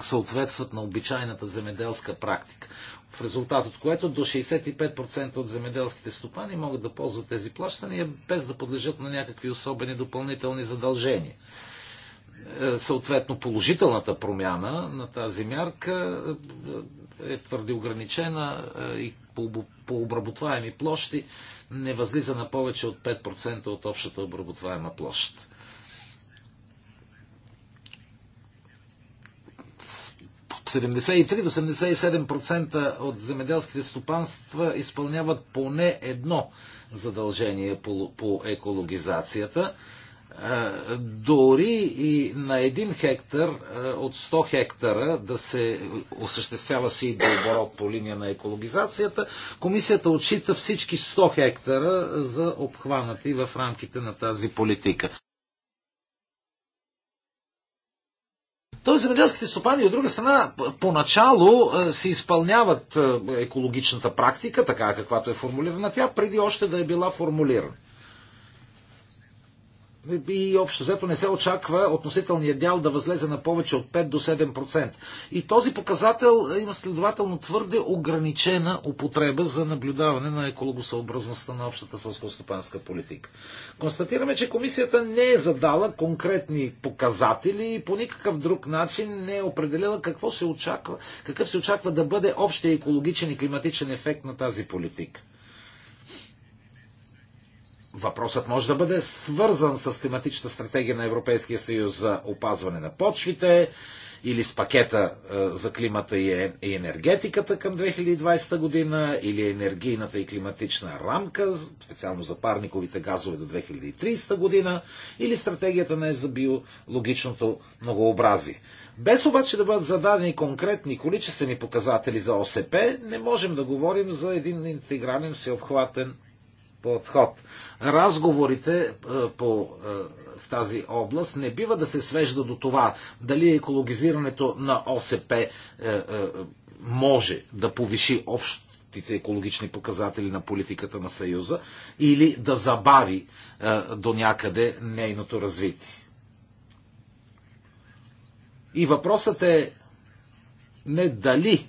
съответстват на обичайната земеделска практика в резултат от което до 65% от земеделските стопани могат да ползват тези плащания без да подлежат на някакви особени допълнителни задължения. Е, съответно, положителната промяна на тази мярка е, е твърде ограничена е, и по обработваеми площи не възлиза на повече от 5% от общата обработваема площ. 73 до 77% от земеделските стопанства изпълняват поне едно задължение по, по екологизацията. Е, дори и на един хектар е, от 100 хектара да се осъществява си оборот по линия на екологизацията, комисията отчита всички 100 хектара за обхванати в рамките на тази политика. Тоест земеделските стопани от друга страна поначало се изпълняват екологичната практика, така каквато е формулирана тя, преди още да е била формулирана и общо взето не се очаква относителният дял да възлезе на повече от 5 до 7%. И този показател е, има следователно твърде ограничена употреба за наблюдаване на екологосъобразността на общата сълскостопанска политика. Констатираме, че комисията не е задала конкретни показатели и по никакъв друг начин не е определила какво се очаква, какъв се очаква да бъде общия екологичен и климатичен ефект на тази политика. Въпросът може да бъде свързан с тематичната стратегия на Европейския съюз за опазване на почвите или с пакета е, за климата и е, енергетиката към 2020 година, или енергийната и климатична рамка, специално за парниковите газове до 2030 година, или стратегията на е за биологичното многообразие. Без обаче да бъдат зададени конкретни количествени показатели за ОСП, не можем да говорим за един интегрален всеобхватен подход. Разговорите е, по, е, в тази област не бива да се свежда до това дали екологизирането на ОСП е, може да повиши общите екологични показатели на политиката на Съюза или да забави е, до някъде нейното развитие. И въпросът е не дали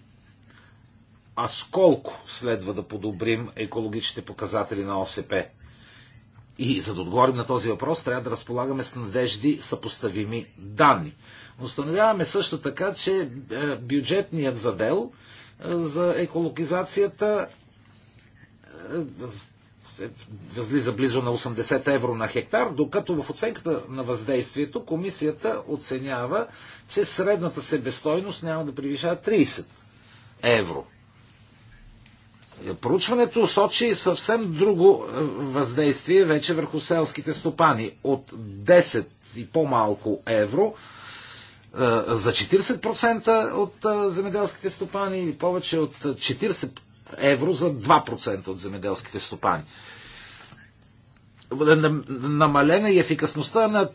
а сколко колко следва да подобрим екологичните показатели на ОСП. И за да отговорим на този въпрос, трябва да разполагаме с надежди съпоставими данни. Установяваме също така, че е, бюджетният задел е, за екологизацията е, възлиза близо на 80 евро на хектар, докато в оценката на въздействието комисията оценява, че средната себестойност няма да превишава 30 евро. Проучването сочи съвсем друго е, въздействие вече върху селските стопани. От 10 и по-малко евро е, за 40% от е, земеделските стопани и повече от 40 евро за 2% от земеделските стопани. Намалена и ефикасността на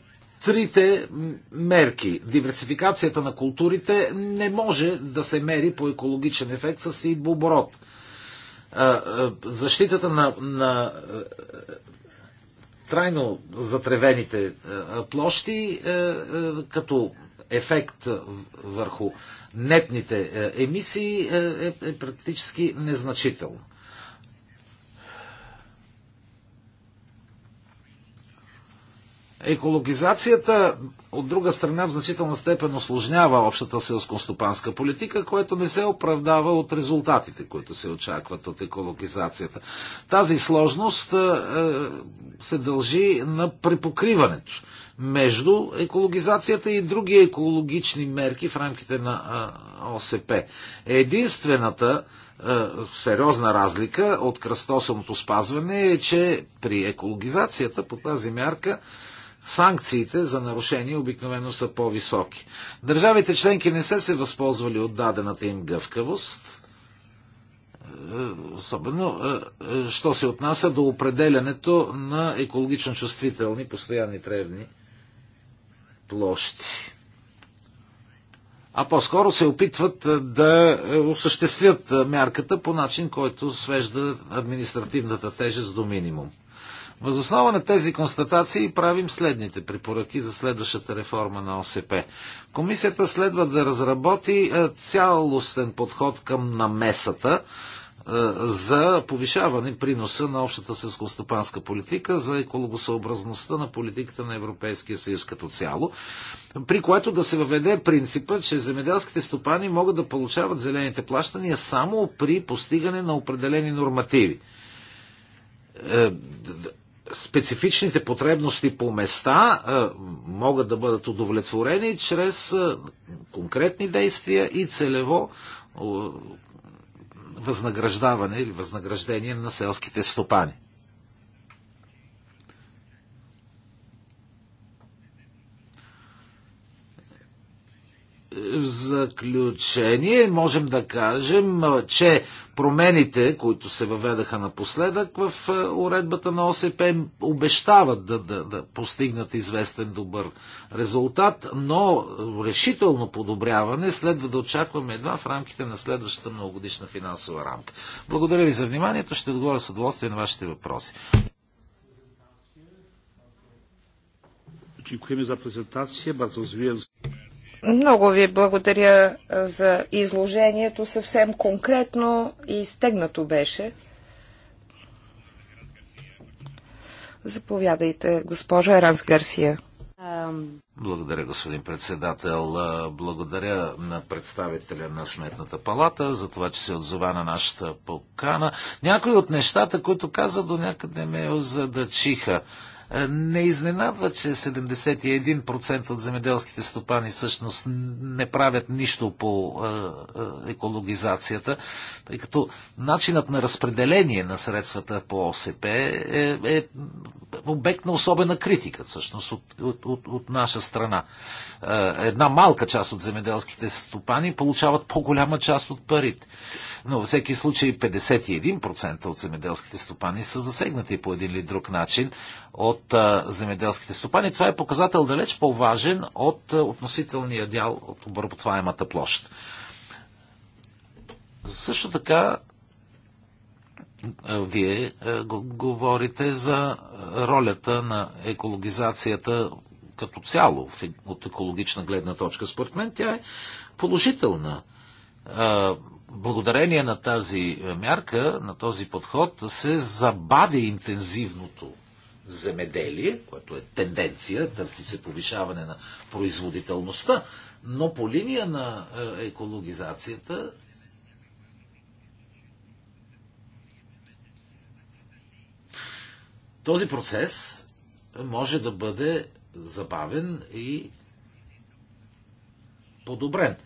трите мерки. Диверсификацията на културите не може да се мери по екологичен ефект с и оборот защитата на, на трайно затревените площи като ефект върху нетните емисии е, е практически незначително. Екологизацията, от друга страна, в значителна степен осложнява общата селско-стопанска политика, което не се оправдава от резултатите, които се очакват от екологизацията. Тази сложност е, е, се дължи на препокриването между екологизацията и други екологични мерки в рамките на е, ОСП. Единствената сериозна разлика от кръстосаното спазване е, че при екологизацията по тази мярка санкциите за нарушение обикновено са по-високи. Държавите членки не са се възползвали от дадената им гъвкавост, е, особено е, е, що се отнася до определянето на екологично чувствителни постоянни тревни площи. А по-скоро се опитват да осъществят мярката по начин, който свежда административната тежест до минимум. Възоснова на тези констатации правим следните препоръки за следващата реформа на ОСП. Комисията следва да разработи е, цялостен подход към намесата, е, за повишаване приноса на общата селскостопанска политика за екологосъобразността на политиката на Европейския съюз като цяло, при което да се въведе принципа, че земеделските стопани могат да получават зелените плащания само при постигане на определени нормативи. Е, специфичните потребности по места е, могат да бъдат удовлетворени чрез е, конкретни действия и целево е, възнаграждаване или възнаграждение на селските стопани. В заключение можем да кажем, че промените, които се въведаха напоследък в уредбата на ОСП, обещават да, да, да постигнат известен добър резултат, но решително подобряване следва да очакваме едва в рамките на следващата многогодишна финансова рамка. Благодаря ви за вниманието, ще отговоря с удоволствие на вашите въпроси. Dziękujemy za prezentację, bardzo zwięzłe. Много ви благодаря за изложението. Съвсем конкретно и стегнато беше. Заповядайте, госпожа Еранс Гарсия. Благодаря, господин председател. Благодаря на представителя на Сметната палата за това, че се отзова на нашата покана. Някои от нещата, които каза, до някъде ме озадачиха. Не изненадва, че 71% от земеделските стопани всъщност не правят нищо по е, е, екологизацията, тъй като начинът на разпределение на средствата по ОСП е, е обект на особена критика, всъщност, от, от, от, от наша страна. Е, една малка част от земеделските стопани получават по-голяма част от парите. Но във всеки случай 51% от земеделските стопани са засегнати по един или друг начин от а, е, земеделските стопани. Това е показател далеч по-важен от а, е, относителния дял от обработваемата площ. Също така вие говорите за ролята на екологизацията като цяло от екологична гледна точка. Според мен тя е положителна. Благодарение на тази мярка, на този подход, се забави интензивното земеделие, което е тенденция, търси се повишаване на производителността, но по линия на екологизацията Този процес може да бъде забавен и подобрен.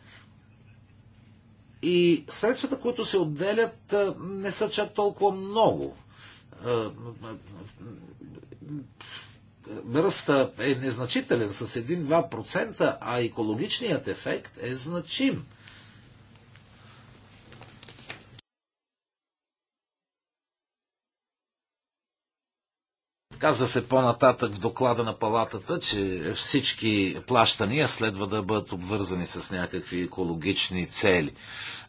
И средствата, които се отделят, не са чак толкова много. Ръста е незначителен с 1-2%, а екологичният ефект е значим. Казва се по-нататък в доклада на палатата, че всички плащания следва да бъдат обвързани с някакви екологични цели.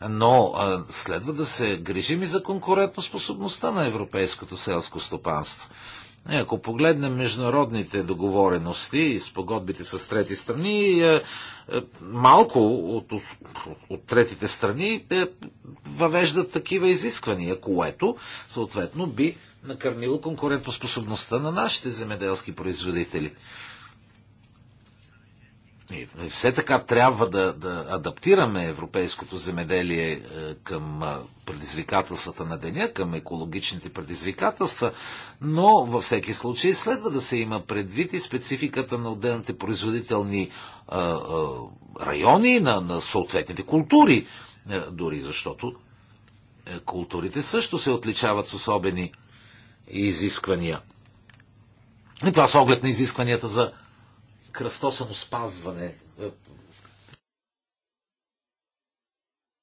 Но а, следва да се грижим и за конкурентоспособността на европейското селско стопанство. И е, ако погледнем международните договорености и спогодбите с трети страни, е, е, малко от, от, от третите страни въвеждат такива изисквания, което съответно би накърнило конкурентоспособността на нашите земеделски производители. И все така трябва да, да адаптираме европейското земеделие е, към предизвикателствата на деня, към екологичните предизвикателства, но във всеки случай следва да се има предвид и спецификата на отделните производителни е, е, райони, на, на съответните култури, дори защото културите също се отличават с особени изисквания. И това с оглед на изискванията за кръстосано спазване, е,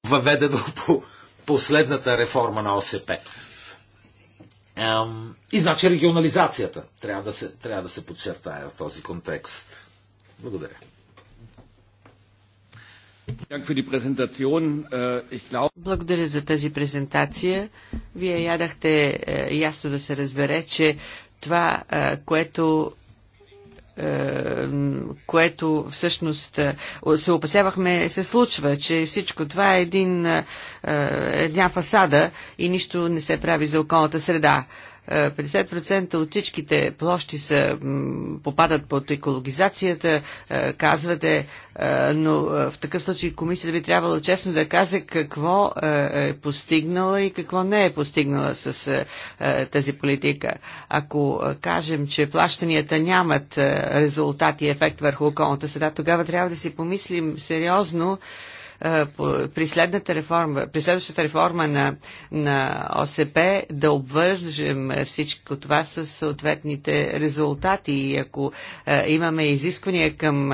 въведено по последната реформа на ОСП. И значи регионализацията трябва да се, трябва да се подчертая в този контекст. Благодаря. Äh, Благодаря за тази презентация. Вие ядахте е, ясно да се разбере, че това, е, което е, което всъщност се опасявахме, се случва, че всичко това е един, една фасада и нищо не се прави за околната среда. 50% от всичките площи са, попадат под екологизацията, е, казвате, е, но е, в такъв случай комисията би трябвало честно да каже какво е постигнала и какво не е постигнала с тази политика. Ако кажем, че плащанията нямат резултат и ефект върху околната среда, тогава трябва да си помислим сериозно при, следната реформа, при следващата реформа на, на ОСП да обвържем всичко това с съответните резултати. И ако имаме изисквания към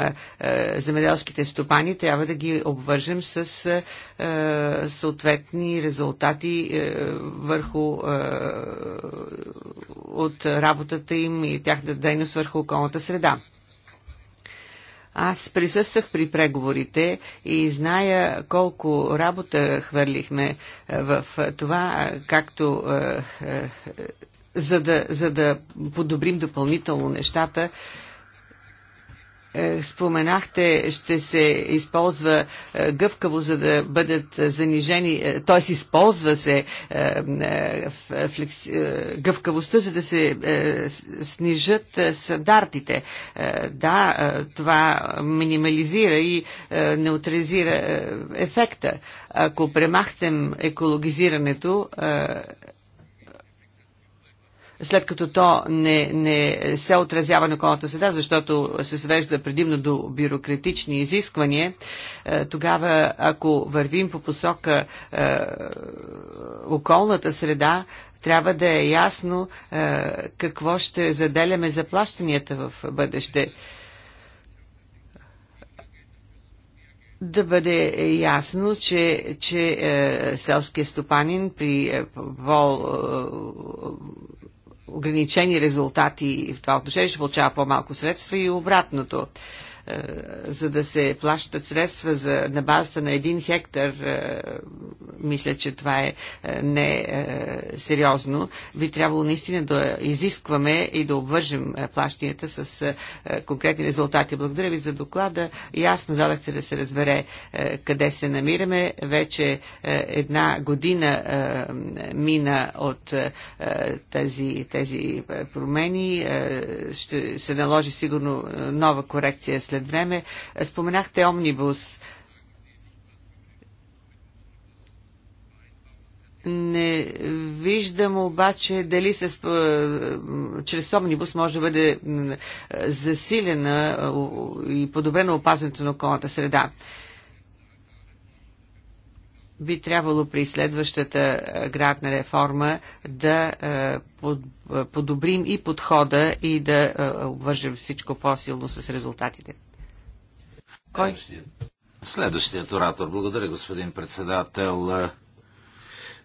земеделските стопани, трябва да ги обвържем с съответни резултати върху от работата им и тяхната дейност върху околната среда. Аз присъствах при преговорите и зная колко работа хвърлихме е, в е, това, е, както за да, за да подобрим допълнително нещата е, споменахте, ще се използва е, гъвкаво, за да бъдат е, занижени, т.е. използва се гъвкавостта, за да се снижат стандартите. Да, това минимализира и неутрализира ефекта. Ако премахнем екологизирането, след като то не, не се отразява на околната среда, защото се свежда предимно до бюрократични изисквания, е, тогава ако вървим по посока е, околната среда, трябва да е ясно е, какво ще заделяме за плащанията в бъдеще. да бъде ясно, че, че е, селския стопанин при е, пол, ограничени резултати в това отношение, ще получава по-малко средства и обратното. Е, за да се плащат средства за, на базата на един хектар, е, мисля, че това е, е не сериозно. Би трябвало наистина да изискваме и да обвържем плащанията с конкретни резултати. Благодаря ви за доклада. Ясно дадахте да се разбере къде се намираме. Вече една година мина от тези, тези промени. Ще се наложи сигурно нова корекция след след време. Споменахте Омнибус. Не виждам обаче дали с, чрез Омнибус може да бъде засилена и подобрено опазването на околната среда би трябвало при следващата градна реформа да подобрим и подхода и да обвържем всичко по-силно с резултатите. Кой? Следващият оратор. Благодаря, господин председател.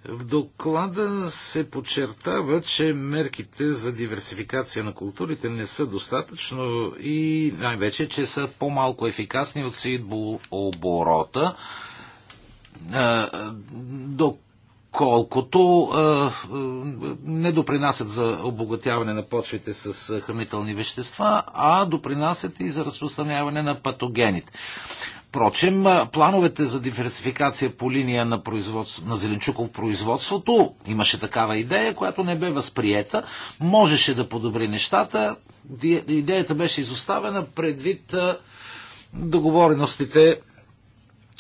В доклада се подчертава, че мерките за диверсификация на културите не са достатъчно и най-вече, че са по-малко ефикасни от сидбо оборота. До колкото не допринасят за обогатяване на почвите с хранителни вещества, а допринасят и за разпространяване на патогените. Впрочем, плановете за диверсификация по линия на, производство, на зеленчуков производството, имаше такава идея, която не бе възприета, можеше да подобри нещата. Идеята беше изоставена предвид договореностите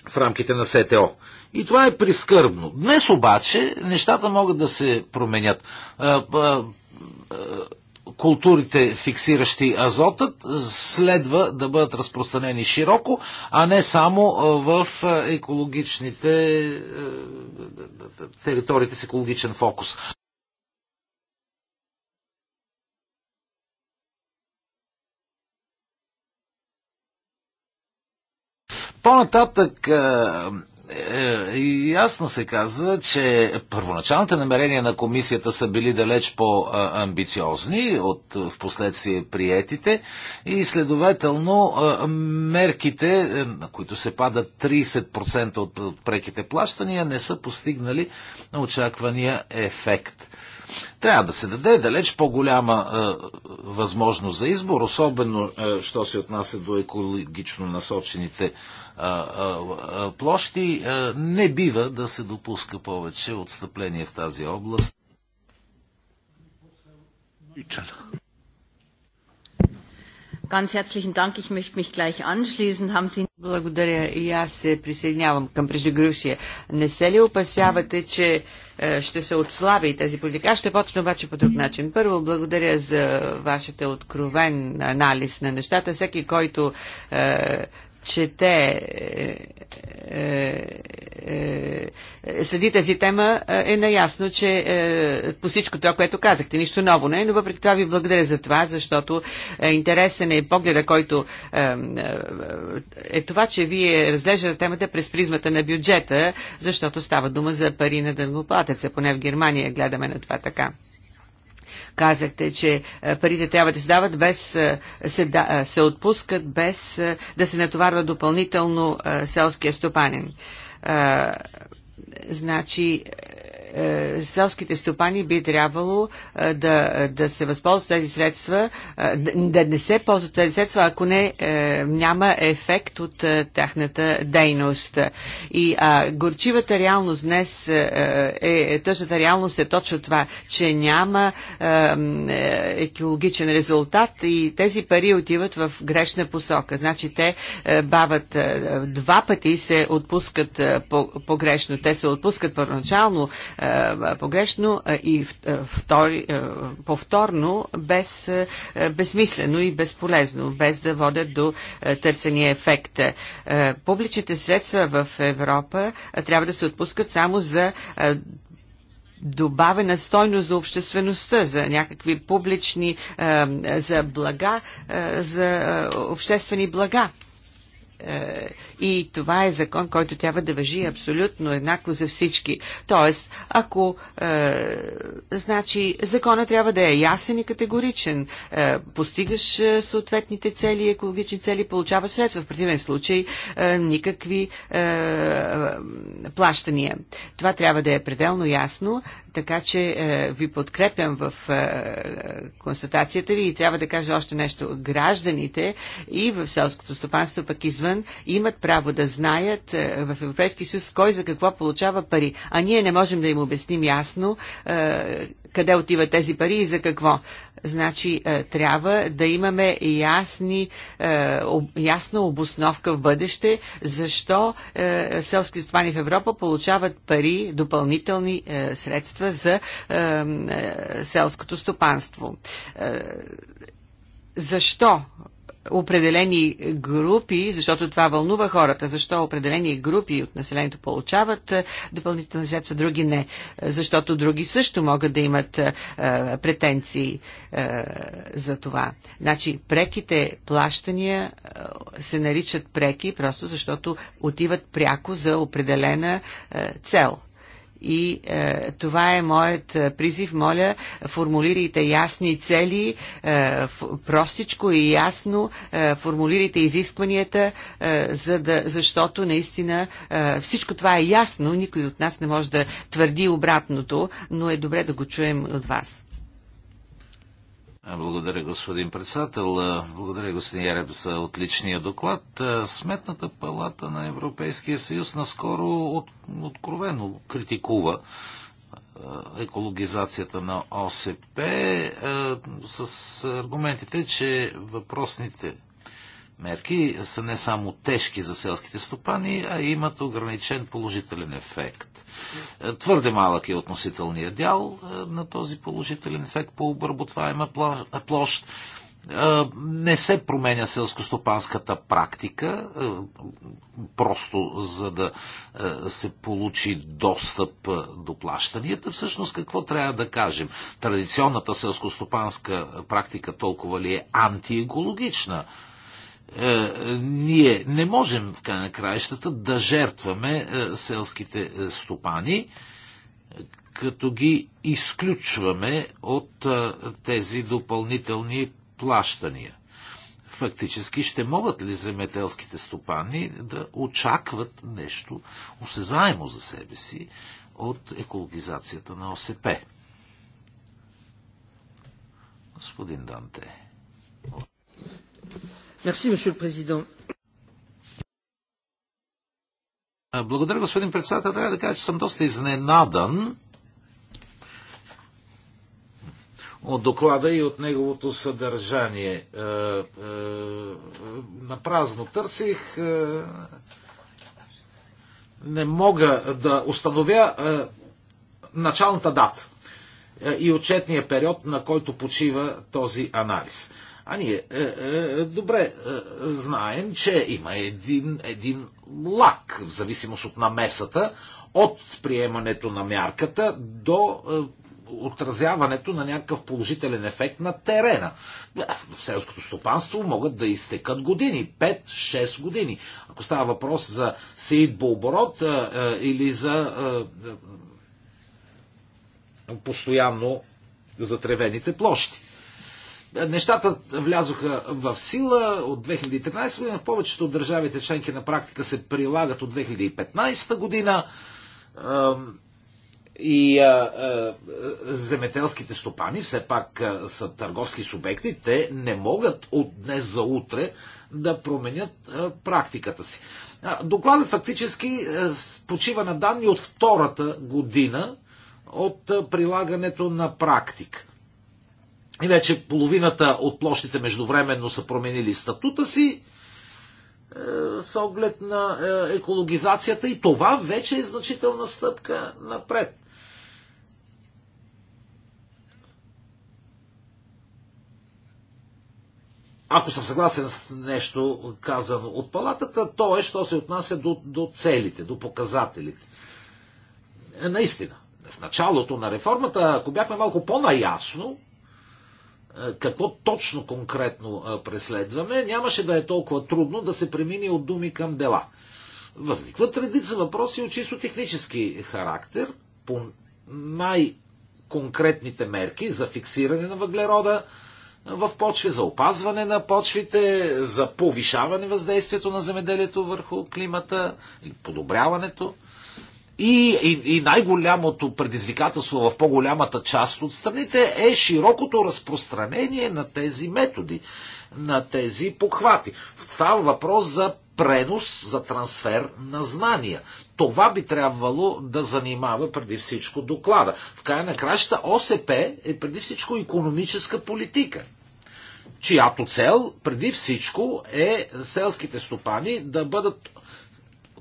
в рамките на СТО. И това е прискърбно. Днес обаче нещата могат да се променят. Културите, фиксиращи азотът, следва да бъдат разпространени широко, а не само в екологичните териториите с екологичен фокус. По-нататък е, ясно се казва, че първоначалните намерения на комисията са били далеч по-амбициозни от е, в последствие приетите и следователно е, мерките, на които се падат 30% от преките плащания, не са постигнали очаквания ефект. Трябва да се даде далеч по-голяма е, възможност за избор, особено е, що се отнася до екологично насочените е, е, е площи. Е, не бива да се допуска повече отстъпление в тази област. Благодаря и аз се присъединявам към преждегрувшия. Не се ли опасявате, че е, ще се отслаби тази политика? Аз ще почна обаче по друг начин. Първо, благодаря за вашата откровен анализ на нещата. Всеки, който е, чете е, е, е, следи тази тема, е наясно, че е, по всичко това, което казахте, нищо ново не е, но въпреки това ви благодаря за това, защото е, интересен е погледа, който е, е това, че вие разглеждате темата през призмата на бюджета, защото става дума за пари на дънгоплатеца, поне в Германия гледаме на това така казахте, че е, парите трябва да се дават без, е, се, да, е, се отпускат без да се натоварва допълнително селския стопанин. Значи е, селските стопани би трябвало е, да, да се възползват тези средства, е, да не се ползват тези средства, ако не няма ефект от тяхната дейност. И а, горчивата реалност днес е, е тъжната реалност е точно това, че няма е, екологичен резултат и тези пари отиват в грешна посока. Значи те бават два пъти се отпускат по, погрешно. Те се отпускат първоначално е, погрешно е, и е, втори, повторно, без, безмислено и безполезно, без да водят до търсения ефект. Публичните средства в Европа трябва да се отпускат само за добавена стойност за обществеността, за някакви публични, за блага, за обществени блага и това е закон, който трябва да въжи абсолютно еднакво за всички. Тоест, ако е, значи закона трябва да е ясен и категоричен, е, постигаш е, съответните цели, екологични цели, получаваш средства. В противен случай е, никакви е, е, плащания. Това трябва да е пределно ясно, така че е, ви подкрепям в е, констатацията ви и трябва да кажа още нещо. Гражданите и в селското стопанство, пък извън, имат право да знаят е, в Европейския съюз кой за какво получава пари. А ние не можем да им обясним ясно е, къде отиват тези пари и за какво. Значи е, трябва да имаме ясни, ясна обосновка в бъдеще, защо селски стопани в Европа получават пари, допълнителни средства за селското стопанство. Защо определени групи, защото това вълнува хората, защо определени групи от населението получават е, допълнителни жертва, други не, защото други също могат да имат а, е, претенции а, е, за това. Значи, преките плащания се наричат преки, просто защото отиват пряко за определена а, цел. И е, това е моят е, призив. Моля, формулирайте ясни цели, е, простичко и ясно, е, формулирайте изискванията, е, за да, защото наистина е, всичко това е ясно. Никой от нас не може да твърди обратното, но е добре да го чуем от вас. Благодаря, господин председател. Благодаря, господин Яреб, за отличния доклад. Сметната палата на Европейския съюз наскоро от, откровено критикува екологизацията на ОСП с аргументите, че въпросните мерки са не само тежки за селските стопани, а имат ограничен положителен ефект. Е, твърде малък е относителният дял е, на този положителен ефект по обработваема площ. Е, не се променя селскостопанската практика, просто за да се получи достъп до плащанията. Всъщност какво трябва да кажем? Традиционната селскостопанска практика толкова ли е антиекологична? Е, ние не можем в на краищата да жертваме е, селските е, стопани, като ги изключваме от тези допълнителни плащания. Фактически ще могат ли земетелските стопани да очакват нещо осезаемо за себе си от екологизацията на ОСП? Господин Данте monsieur le président. Благодаря, господин председател. Трябва да кажа, че съм доста изненадан от доклада и от неговото съдържание. Е, е, на празно търсих. Е, не мога да установя началната дата и отчетния период, на който почива този анализ. А ние е, е, добре е, знаем, че има един, един лак, в зависимост от намесата, от приемането на мярката до е, отразяването на някакъв положителен ефект на терена. В селското стопанство могат да изтекат години, 5-6 години. Ако става въпрос за е, е, или за е, е, постоянно затревените площи. Нещата влязоха в сила от 2013 година. В повечето от държавите членки на практика се прилагат от 2015 година. И а, а, стопани все пак а, са търговски субекти, те не могат от днес за утре да променят а, практиката си. А, докладът фактически а, почива на данни от втората година от а, прилагането на практика. И вече половината от площите междувременно са променили статута си е, с оглед на е, екологизацията и това вече е значителна стъпка напред. Ако съм съгласен с нещо казано от палатата, то е, що се отнася до, до целите, до показателите. Е, наистина, в началото на реформата, ако бяхме малко по-наясно, какво точно конкретно преследваме, нямаше да е толкова трудно да се премине от думи към дела. Възникват редица въпроси от чисто технически характер по най-конкретните мерки за фиксиране на въглерода в почви, за опазване на почвите, за повишаване въздействието на земеделието върху климата, подобряването и, и, и най-голямото предизвикателство в по-голямата част от страните е широкото разпространение на тези методи, на тези похвати. Става въпрос за пренос, за трансфер на знания. Това би трябвало да занимава преди всичко доклада. В края на краща ОСП е преди всичко економическа политика чиято цел преди всичко е селските стопани да бъдат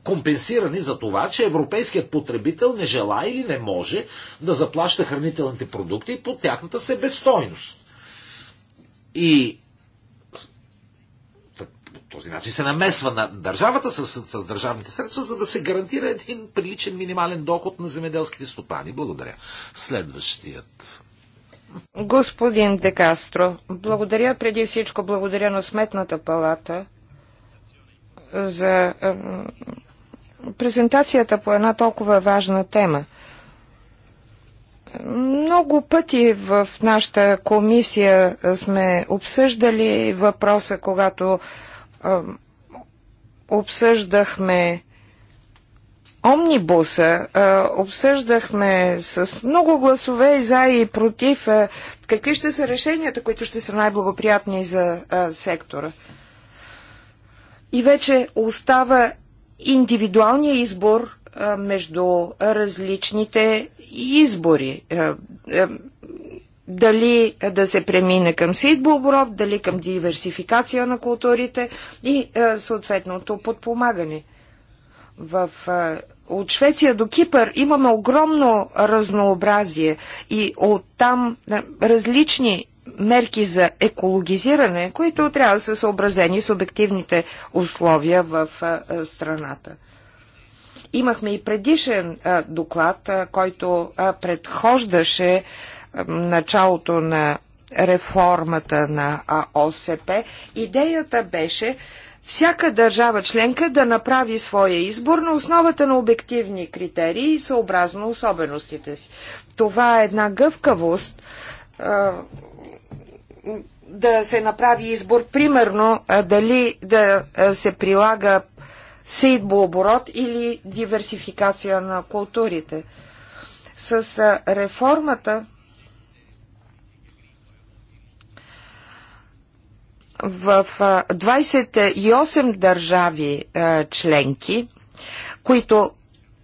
компенсирани за това, че европейският потребител не жела или не може да заплаща хранителните продукти по тяхната себестойност. И по този начин се намесва на държавата с, с, с държавните средства, за да се гарантира един приличен минимален доход на земеделските стопани. Благодаря. Следващият. Господин Декастро, благодаря преди всичко, благодаря на Сметната палата за презентацията по една толкова важна тема. Много пъти в нашата комисия сме обсъждали въпроса, когато обсъждахме омнибуса, а, обсъждахме с много гласове и за и против а, какви ще са решенията, които ще са най-благоприятни за а, сектора. И вече остава индивидуалния избор между различните избори. Дали да се премине към сидбооборот, дали към диверсификация на културите и съответното подпомагане. В от Швеция до Кипър имаме огромно разнообразие и от там различни мерки за екологизиране, които трябва да са съобразени с обективните условия в страната. Имахме и предишен доклад, който предхождаше началото на реформата на ОСП. Идеята беше всяка държава членка да направи своя избор на основата на обективни критерии и съобразно особеностите си. Това е една гъвкавост, да се направи избор, примерно, дали да се прилага сейдбооборот или диверсификация на културите. С реформата в 28 държави членки, които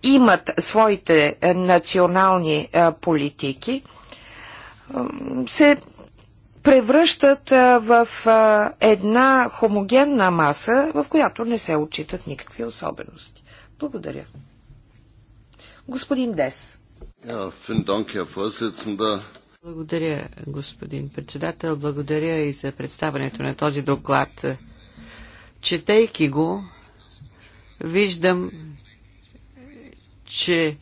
имат своите национални политики, се превръщат в една хомогенна маса, в която не се отчитат никакви особености. Благодаря. Господин Дес. Благодаря, господин председател. Благодаря и за представането на този доклад. Четейки го, виждам, че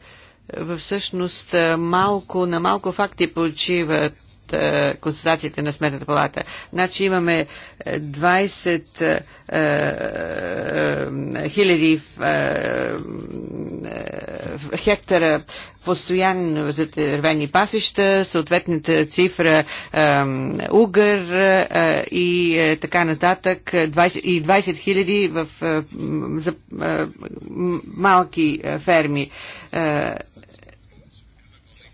всъщност малко, на малко факти почиват от е, на Сметната палата. Значи имаме 20 е, е, хиляди хектара постоянно затервени пасища, съответната цифра угър и така нататък, 20, и 20 хиляди в за малки ферми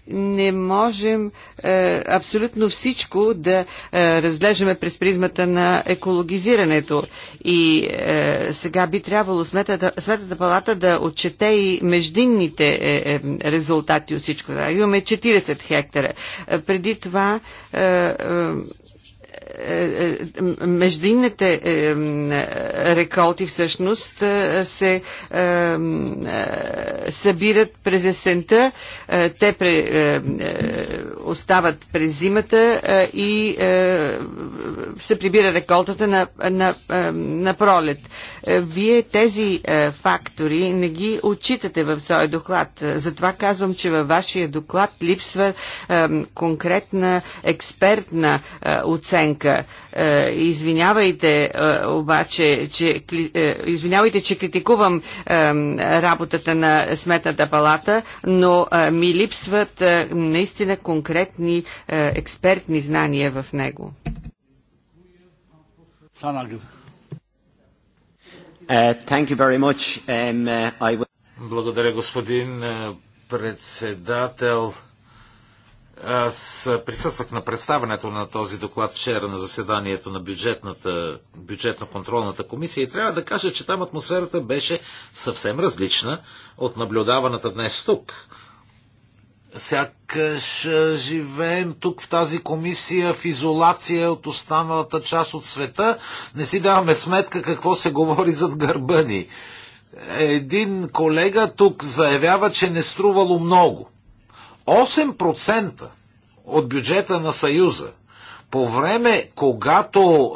не можем е, абсолютно всичко да е, разглеждаме през призмата на екологизирането. И е, сега би трябвало сметата, сметата палата да отчете и междинните е, е, резултати от всичко. Имаме 40 хектара. Е, преди това е, е, междинните е, реколти всъщност е, се е, събират през есента, те остават през зимата и се прибира реколтата на, на, на пролет. Вие тези фактори не ги отчитате в своя доклад. Затова казвам, че във вашия доклад липсва конкретна експертна оценка оценка. Е, извинявайте е, обаче, че, е, извинявайте, че критикувам работата на Сметната палата, но ми липсват наистина конкретни експертни знания в него. Благодаря, господин председател. Аз присъствах на представането на този доклад вчера на заседанието на бюджетната, бюджетно-контролната комисия и трябва да кажа, че там атмосферата беше съвсем различна от наблюдаваната днес тук. Сякаш живеем тук в тази комисия в изолация от останалата част от света. Не си даваме сметка какво се говори зад гърба ни. Един колега тук заявява, че не струвало много 8% от бюджета на Съюза по време, когато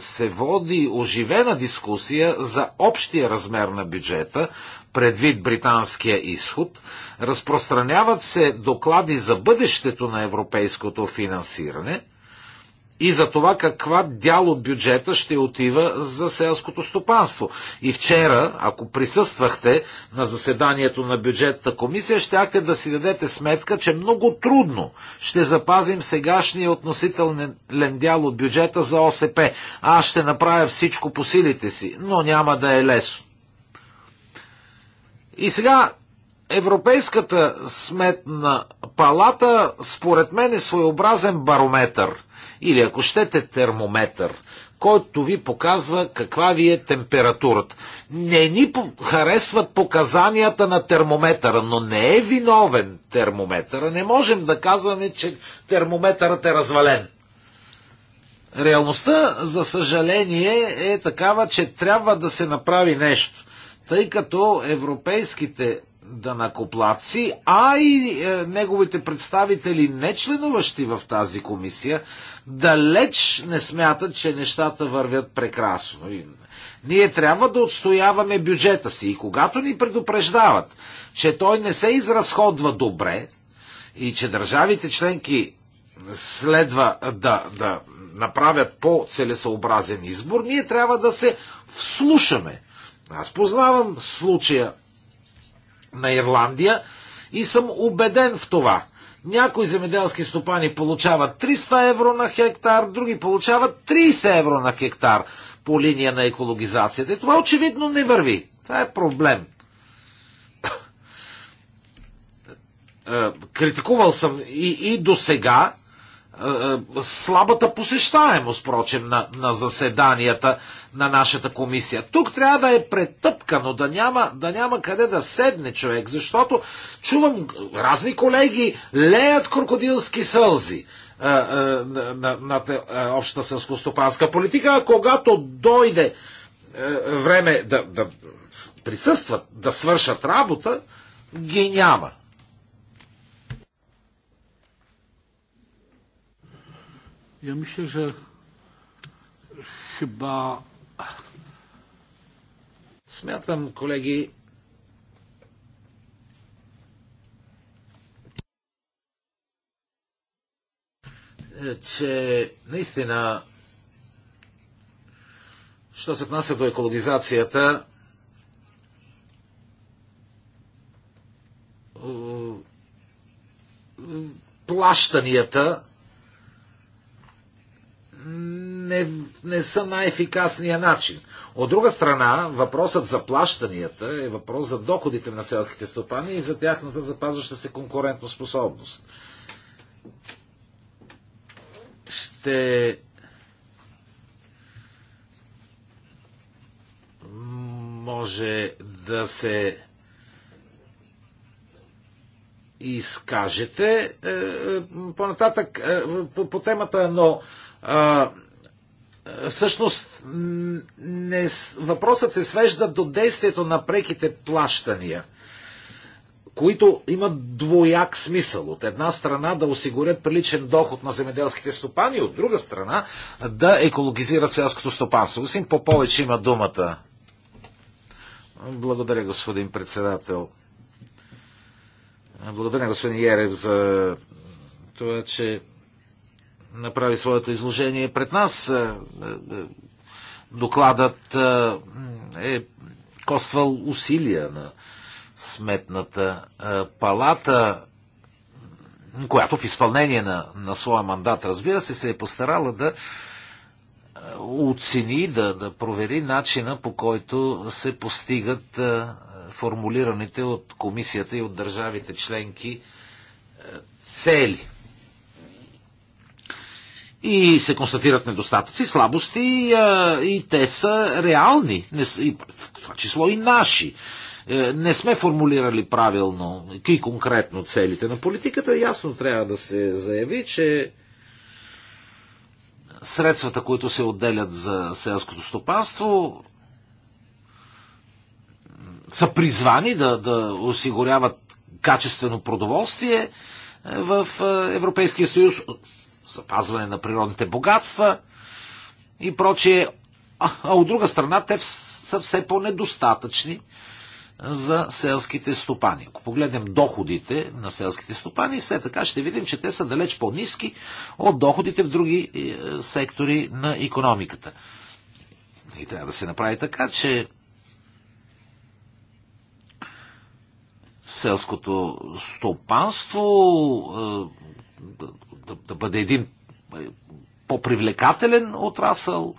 се води оживена дискусия за общия размер на бюджета, предвид британския изход, разпространяват се доклади за бъдещето на европейското финансиране – и за това каква дял от бюджета ще отива за селското стопанство. И вчера, ако присъствахте на заседанието на бюджетната комисия, ще да си дадете сметка, че много трудно ще запазим сегашния относителен дял от бюджета за ОСП. Аз ще направя всичко по силите си, но няма да е лесно. И сега Европейската сметна палата, според мен, е своеобразен барометър – или ако щете термометър, който ви показва каква ви е температурата. Не ни харесват показанията на термометъра, но не е виновен термометъра. Не можем да казваме, че термометърът е развален. Реалността, за съжаление, е такава, че трябва да се направи нещо, тъй като европейските данакоплаци, а и е, неговите представители, не членуващи в тази комисия, далеч не смятат, че нещата вървят прекрасно. И ние трябва да отстояваме бюджета си и когато ни предупреждават, че той не се изразходва добре и че държавите членки следва да, да направят по-целесообразен избор, ние трябва да се вслушаме. Аз познавам случая на Ирландия и съм убеден в това – някои земеделски стопани получават 300 евро на хектар, други получават 30 евро на хектар по линия на екологизацията. И това очевидно не върви. Това е проблем. Е, критикувал съм и, и до сега е, е, слабата посещаемост, прочем, на, на заседанията на нашата комисия. Тук трябва да е претъпкано, да няма, да няма къде да седне човек, защото чувам разни колеги леят крокодилски сълзи а, е, а, на, на, на общата сълскостопанска политика, а когато дойде а, време да, да присъстват, да свършат работа, ги няма. Ja myślę, że chyba. Smiatam колеги, че наистина, що се отнася до екологизацията, плащанията не, не са най-ефикасния начин. От друга страна, въпросът за плащанията е въпрос за доходите на селските стопани и за тяхната запазваща се способност. Ще може да се изкажете е, е, по-нататък е, по, по темата, но е, всъщност не, въпросът се свежда до действието на преките плащания, които имат двояк смисъл. От една страна да осигурят приличен доход на земеделските стопани, от друга страна да екологизират селското стопанство. Господин Попович има думата. Благодаря, господин председател. Благодаря, господин Ярев, за това, че направи своето изложение пред нас. Е, е, докладът е, е коствал усилия на Сметната палата, която в изпълнение на, на своя мандат, разбира се, се е постарала да оцени, да, да провери начина по който се постигат формулираните от комисията и от държавите членки цели и се констатират недостатъци, слабости а, и те са реални, не, и, в това число и наши. Е, не сме формулирали правилно и конкретно целите на политиката. Ясно трябва да се заяви, че средствата, които се отделят за селското стопанство, са призвани да, да осигуряват качествено продоволствие в е, Европейския съюз запазване на природните богатства и прочие. А, а от друга страна, те са все по-недостатъчни за селските стопани. Ако погледнем доходите на селските стопани, все така ще видим, че те са далеч по-низки от доходите в други е, сектори на економиката. И трябва да се направи така, че селското стопанство е, да, да бъде един е, по-привлекателен отрасъл.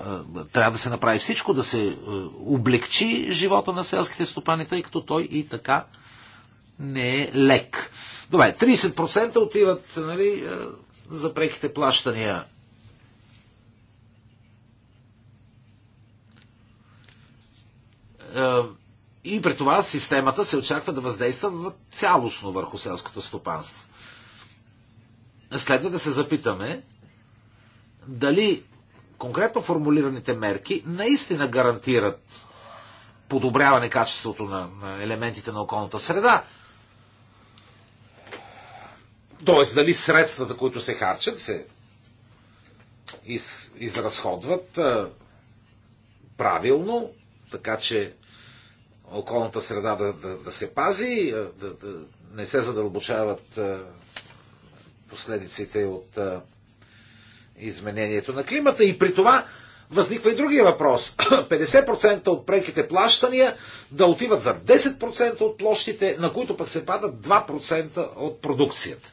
Е, трябва да се направи всичко, да се е, облегчи живота на селските стопани, тъй като той и така не е лек. Добре, 30% отиват нали, за преките плащания. И при това системата се очаква да въздейства цялостно върху селското стопанство следва да се запитаме дали конкретно формулираните мерки наистина гарантират подобряване качеството на, на елементите на околната среда. Тоест, дали средствата, които се харчат, се из, изразходват а, правилно, така че околната среда да, да, да се пази, да, да не се задълбочават а, последиците от изменението на климата. И при това възниква и другия въпрос. 50% от преките плащания да отиват за 10% от площите, на които пък се падат 2% от продукцията.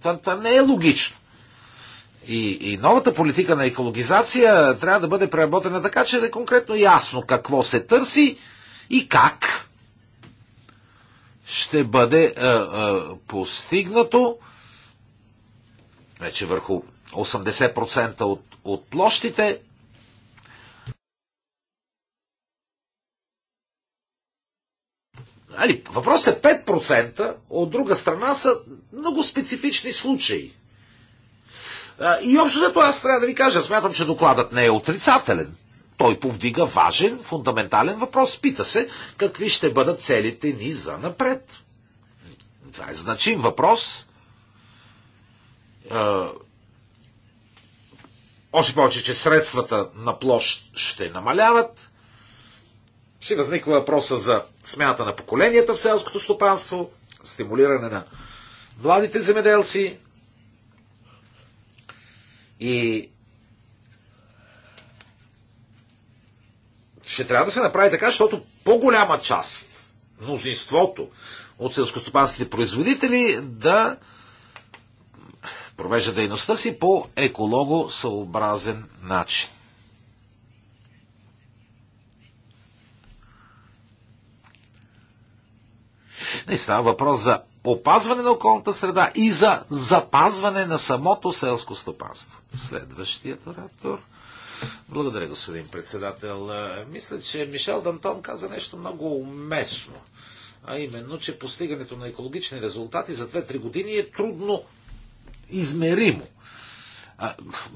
Това, това не е логично. И, и новата политика на екологизация трябва да бъде преработена така, че да е конкретно ясно какво се търси и как ще бъде а, а, постигнато вече върху 80% от, от площите. Али, въпросът е 5%, от друга страна са много специфични случаи. И общо зато аз трябва да ви кажа, смятам, че докладът не е отрицателен. Той повдига важен, фундаментален въпрос. Пита се, какви ще бъдат целите ни за напред. Това е значим въпрос още повече, че средствата на площ ще намаляват. Ще възниква въпроса за смяната на поколенията в селското стопанство, стимулиране на младите земеделци и ще трябва да се направи така, защото по-голяма част, мнозинството от селскостопанските производители да провежда дейността си по екологосъобразен начин. Не става въпрос за опазване на околната среда и за запазване на самото селско стопанство. Следващият оратор. Благодаря, господин председател. Мисля, че Мишел Дантон каза нещо много уместно. А именно, че постигането на екологични резултати за 2-3 години е трудно измеримо.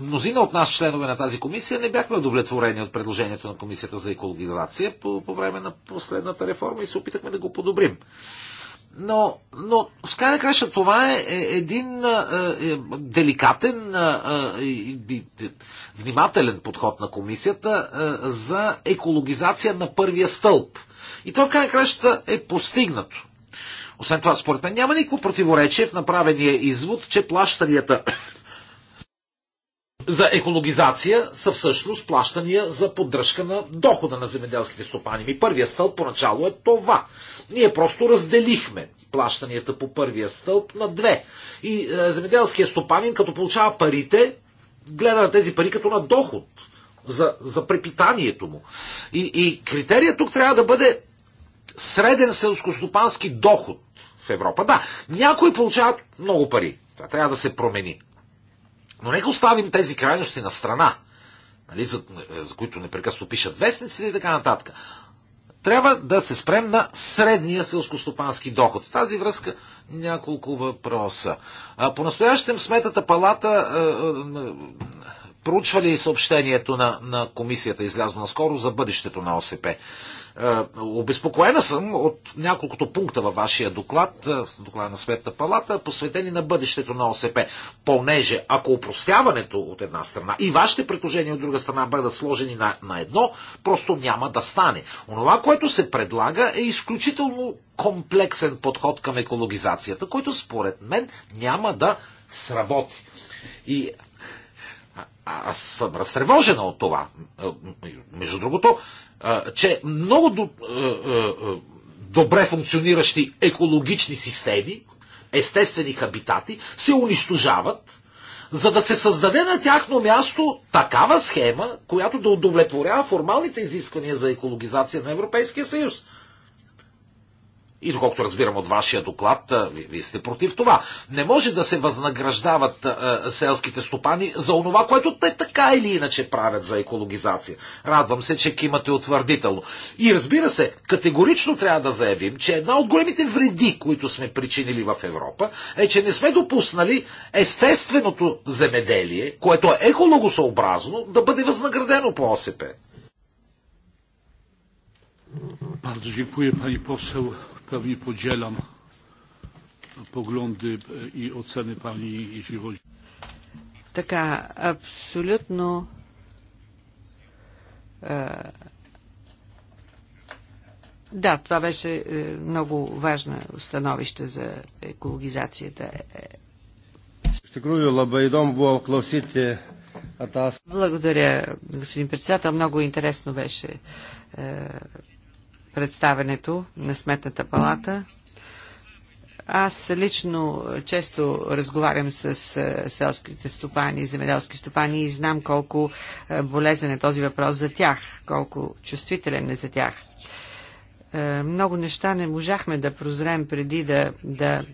Мнозина от нас, членове на тази комисия, не бяхме удовлетворени от предложението на Комисията за екологизация по, по време на последната реформа и се опитахме да го подобрим. Но, но в крайна краща това е, е един а, е, е деликатен и и внимателен подход на комисията а, за екологизация на първия стълб. И това в крайна краща е постигнато. Освен това, според мен няма никакво противоречие в направения извод, че плащанията за екологизация са всъщност плащания за поддръжка на дохода на земеделските стопани. Ми първия стълб поначало е това. Ние просто разделихме плащанията по първия стълб на две. И е, земеделския стопанин, като получава парите, гледа на тези пари като на доход за, за препитанието му. И, и критерият тук трябва да бъде среден селскостопански доход в Европа. Да, някои получават много пари. Това трябва да се промени. Но нека оставим тези крайности на страна, нали, за, за които непрекъсно пишат вестниците и така нататък. Трябва да се спрем на средния селскостопански доход. В тази връзка няколко въпроса. По-настоящем Сметата палата а, е, проучвали съобщението на, на комисията, излязло наскоро, за бъдещето на ОСП. Е, обезпокоена съм от няколкото пункта във вашия доклад, е, в доклада на Светната палата, посветени на бъдещето на ОСП. Понеже ако упростяването от една страна и вашите предложения от друга страна бъдат сложени на, на едно, просто няма да стане. Онова, което се предлага е изключително комплексен подход към екологизацията, който според мен няма да сработи. И аз съм разтревожена от това. Е, между другото, че много добре функциониращи екологични системи, естествени хабитати, се унищожават, за да се създаде на тяхно място такава схема, която да удовлетворява формалните изисквания за екологизация на Европейския съюз и доколкото разбирам от вашия доклад, вие сте против това. Не може да се възнаграждават селските стопани за онова, което те така или иначе правят за екологизация. Радвам се, че кимате утвърдително. И разбира се, категорично трябва да заявим, че една от големите вреди, които сме причинили в Европа, е, че не сме допуснали естественото земеделие, което е екологосъобразно, да бъде възнаградено по ОСП. Bardzo dziękuję pani poseł pełni podzielam погледи и оцени пани Ишигоджи. Така, абсолютно да, това беше много важно становище за екологизацията. Благодаря, господин председател. Много интересно беше е, представенето на Сметната палата. Аз лично често разговарям с е, селските стопани, земеделски стопани и знам колко е, болезнен е този въпрос за тях, колко чувствителен е за тях. Е, много неща не можахме да прозрем преди да, да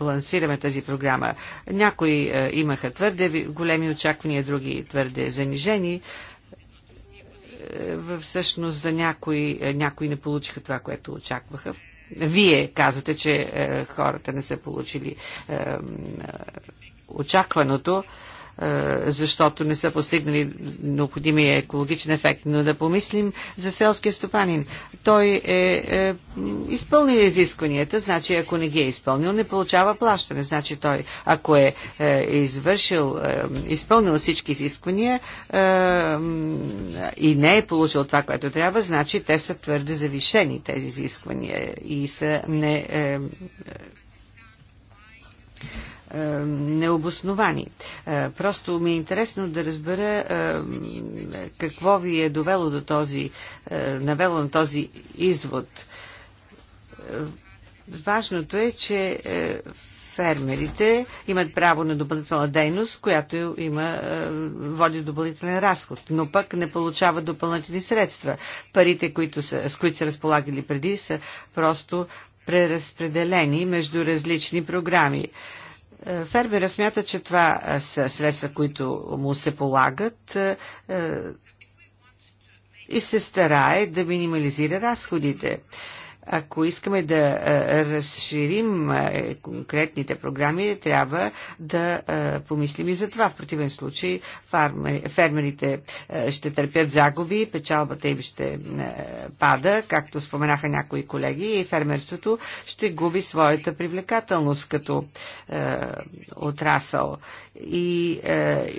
лансираме тази програма. Някои имаха твърде големи очаквания, други твърде занижени. Е, всъщност за някои, е, някои не получиха това, което очакваха. Вие казвате, че е, хората не са получили очакваното защото не са постигнали необходимия екологичен ефект. Но да помислим за селския стопанин. Той е, е изпълнил изискванията, значи ако не ги е изпълнил, не получава плащане. Значи той, ако е, е извършил, е, изпълнил всички изисквания е, и не е получил това, което трябва, значи те са твърде завишени, тези изисквания и са не, е, е, необосновани. Е, просто ми е интересно да разбера е, какво ви е довело до този, навело на този извод. Важното е, че фермерите имат право на допълнителна дейност, която има, води допълнителен разход, но пък не получават допълнителни средства. Парите, които са, с които са разполагали преди, са просто преразпределени между различни програми. Фермера смята, че това са средства, които му се полагат и се старае да минимализира разходите. Ако искаме да разширим конкретните програми, трябва да помислим и за това. В противен случай фермерите ще търпят загуби, печалбата им ще пада, както споменаха някои колеги, и фермерството ще губи своята привлекателност като отрасъл. И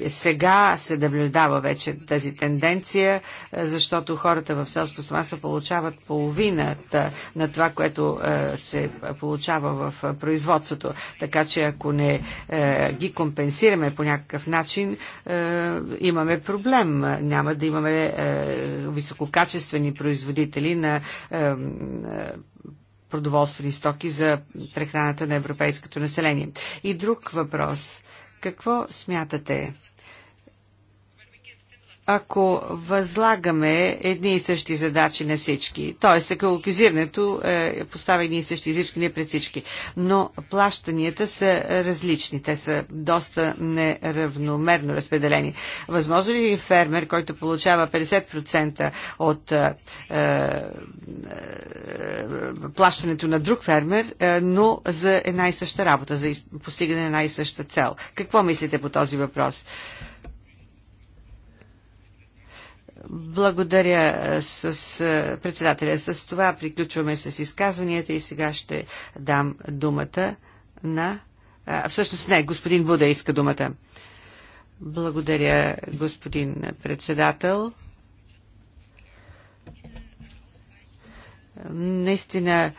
сега се наблюдава вече тази тенденция, защото хората в селско стоманство получават половината на на това, което е, се получава в е, производството. Така че ако не е, ги компенсираме по някакъв начин, имаме проблем. Няма да имаме висококачествени производители на продоволствени стоки за прехраната на европейското население. И друг въпрос. Какво смятате? ако възлагаме едни и същи задачи на всички, т.е. екологизирането е, поставя едни и същи не пред всички, но плащанията са различни, те са доста неравномерно разпределени. Възможно ли фермер, който получава 50% от е, е, е, плащането на друг фермер, е, но за една и съща работа, за постигане на една и съща цел? Какво мислите по този въпрос? Е, Благодаря е, с е, председателя. С това приключваме с изказванията и сега ще дам думата на... Е, а, всъщност не, господин Буда иска думата. Благодаря, господин председател. Наистина,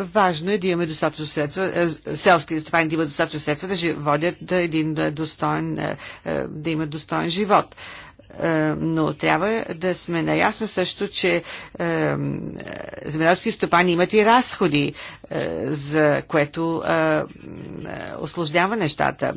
важно е да имаме достатъчно средства, е, селски стопани да имат достатъчно средства да водят да един е, достоен, е, да имат достоен живот. Е, но трябва да сме наясно също, че е, земеделски стопани имат и разходи, е, за което осложнява нещата.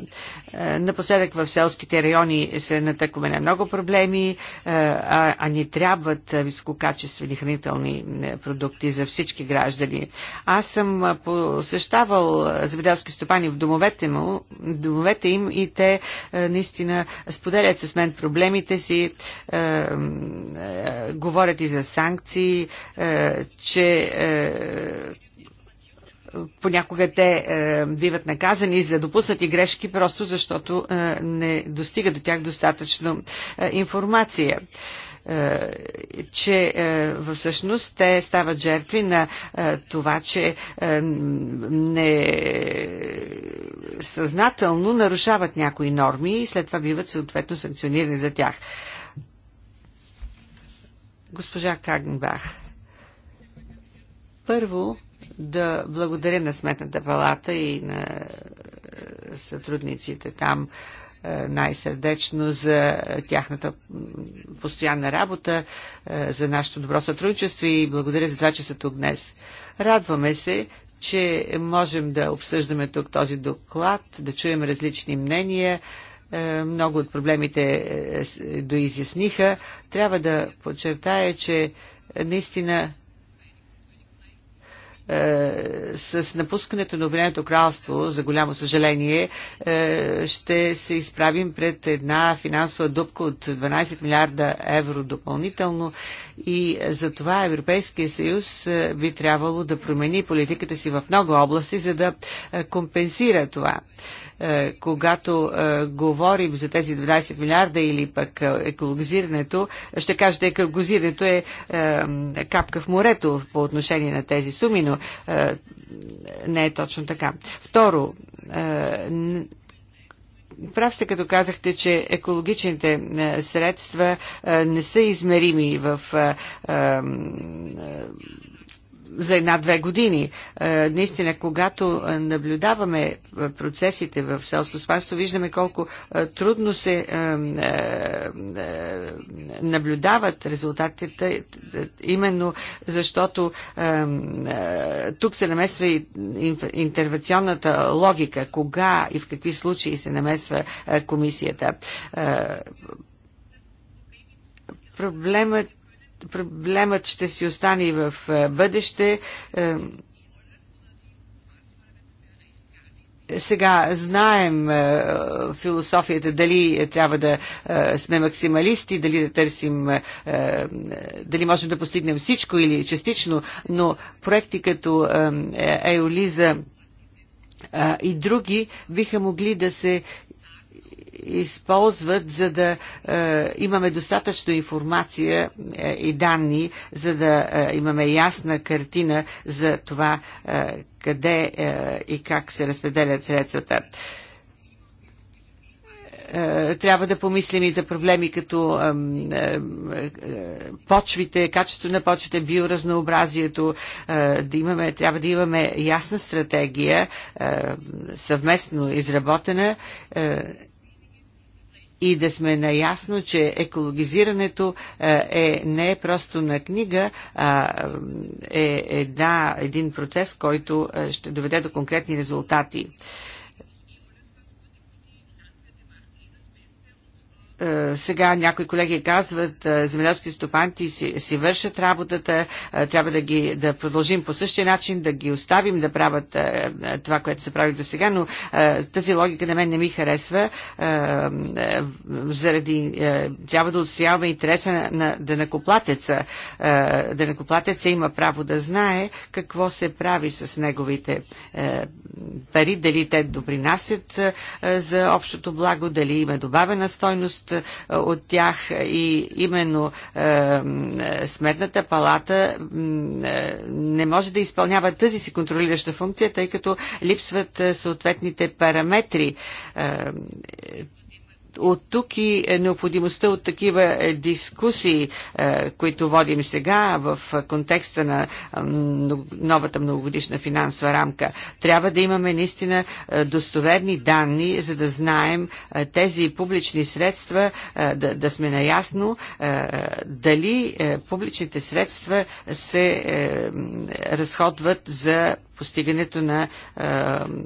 Напоследък в селските райони се натъкваме на много проблеми, а, а ни трябват висококачествени хранителни продукти за всички граждани. Аз съм посещавал земеделски стопани в домовете, му, домовете им и те наистина споделят с мен проблемите си си, е, е, говорят и за санкции, е, че е, понякога те е, биват наказани за допуснати грешки, просто защото е, не достига до тях достатъчно е, информация. Е, е, че е, всъщност те стават жертви на е, това, че не съзнателно нарушават някои норми и след това биват съответно санкционирани за тях. Госпожа Кагнбах, първо да благодаря на Сметната палата и на сътрудниците там най-сърдечно за тяхната постоянна работа, е, за нашето добро сътрудничество и благодаря за това, че са тук днес. Радваме се, че можем да обсъждаме тук този доклад, да чуем различни мнения. Е, много от проблемите е, доизясниха. Трябва да подчертая, че наистина е, с напускането на Обединеното кралство, за голямо съжаление, е, ще се изправим пред една финансова дупка от 12 милиарда евро допълнително и за това Европейския съюз е, би трябвало да промени политиката си в много области, за да компенсира това. Е, когато е, говорим за тези 12 милиарда или пък е, екологизирането, ще кажете, екологизирането е капка в морето по отношение на тези суми, но не е точно така. Второ, Прав сте като казахте, че екологичните средства не са измерими в за една-две години. Е, наистина, когато наблюдаваме е, процесите в селско виждаме колко е, трудно се наблюдават резултатите, именно защото тук се намесва и интервенционната логика, кога и в какви случаи се намесва комисията. Проблемът проблемът ще си остане и в е, бъдеще. Е, сега знаем е, философията дали трябва да сме максималисти, дали да търсим, дали можем да постигнем всичко или частично, но проекти като Еолиза и други биха могли да се използват, за да е, имаме достатъчно информация е, и данни, за да е, имаме ясна картина за това е, къде е, и как се разпределят средствата е, трябва да помислим и за проблеми като е, е, почвите, качество на почвите, биоразнообразието. Да имаме, трябва да имаме ясна стратегия, съвместно изработена и да сме наясно, че екологизирането е, е не е просто на книга, а е една, един процес, който е, ще доведе до конкретни резултати. Е, сега някои колеги казват, е, земеделски стопанти си, си вършат работата, е, трябва да ги да продължим по същия начин, да ги оставим да правят това, което са правили до сега, но тази логика на мен не ми харесва. Заради трябва да отстояваме интереса на, денакоплатеца. Денакоплатеца има право да знае какво се прави с неговите пари, дали те допринасят за общото благо, дали има добавена стойност от тях и именно е, Сметната палата е, не може да изпълнява тази си контролираща функция, тъй като липсват е, съответните параметри от тук и е необходимостта от такива е, дискусии, е, които водим сега в контекста на новата многогодишна финансова рамка. Трябва да имаме наистина достоверни данни, за да знаем тези публични средства, да, да сме наясно дали публичните средства се разходват за постигането на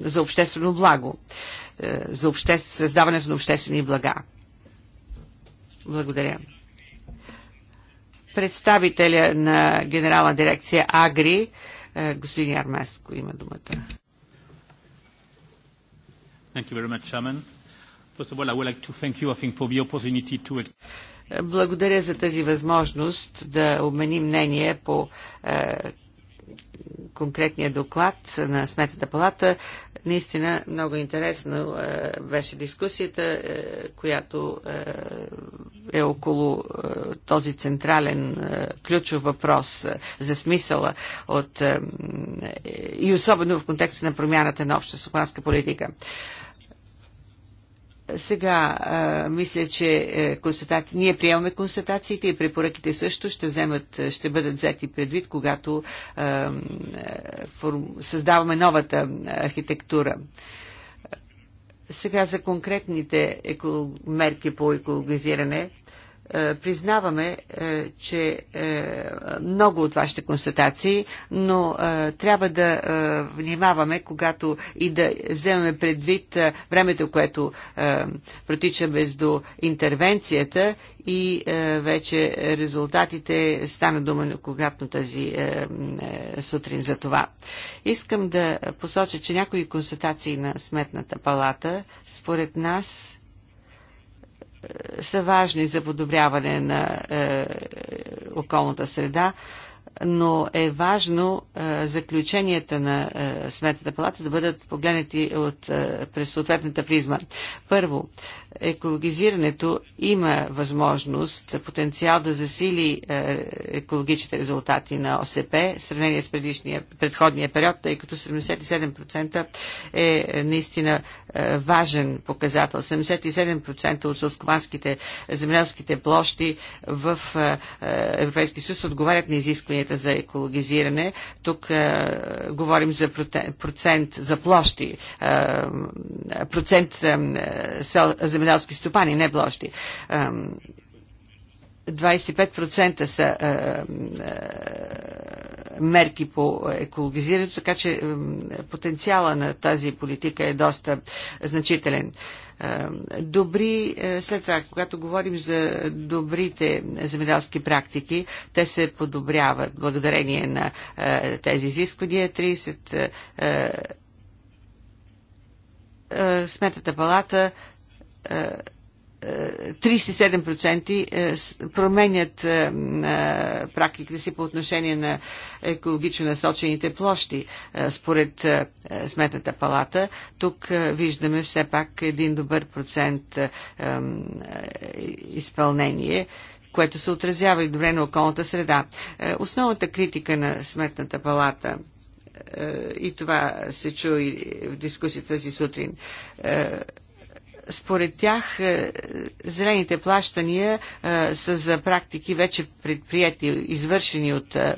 за обществено благо. Е, за обще... създаването на обществени блага. Благодаря. Представителя на генерална дирекция Агри, е, господин Армеско, има думата. Thank you very much, Chairman. First of all, I would like to thank you, I think, for the opportunity to... Благодаря за тази възможност да обменим мнение по е, конкретния доклад на Сметната палата. Наистина много интересно е, беше дискусията, е, която е, е около този централен ключов въпрос за смисъла от, и особено в контекста на промяната на обща стопанска политика. Сега а, мисля, че е, констатати... ние приемаме констатациите и препоръките също ще, вземат, е, ще бъдат взети предвид, когато а, е, е, форм... създаваме новата архитектура. Сега за конкретните еко... мерки по екологизиране е, признаваме, е, че е, много от вашите констатации, но трябва да внимаваме, когато и да вземем предвид времето, което протича между интервенцията и вече резултатите стана дума когато тази сутрин за това. Искам да посоча, че някои констатации на Сметната палата според нас са важни за подобряване на е, околната среда, но е важно е, заключенията на е, Сметната палата да бъдат погледнати от, е, през съответната призма. Първо, екологизирането има възможност, потенциал да засили е, екологичните резултати на ОСП в сравнение с предишния, предходния период, тъй като 77% е, е наистина е, важен показател. 77% от сълскоманските земеделските площи в Европейския съюз отговарят на изискванията за екологизиране. Тук говорим за процент, за площи, процент земеделски земеделски стопани, не площи. 25% са е, мерки по екологизирането, така че потенциала на тази политика е доста значителен. добри, е, след това, когато говорим за добрите земеделски практики, те се подобряват благодарение на е, тези изисквания. 30 Сметата палата 37% е, променят е, е, практиките си по отношение на екологично насочените площи според Сметната палата. Тук виждаме все пак един добър процент изпълнение което се отразява и добре на околната среда. Основната критика на Сметната палата и това се чу и в дискусията си сутрин според тях е, зелените плащания е, са за практики вече предприяти, извършени от е,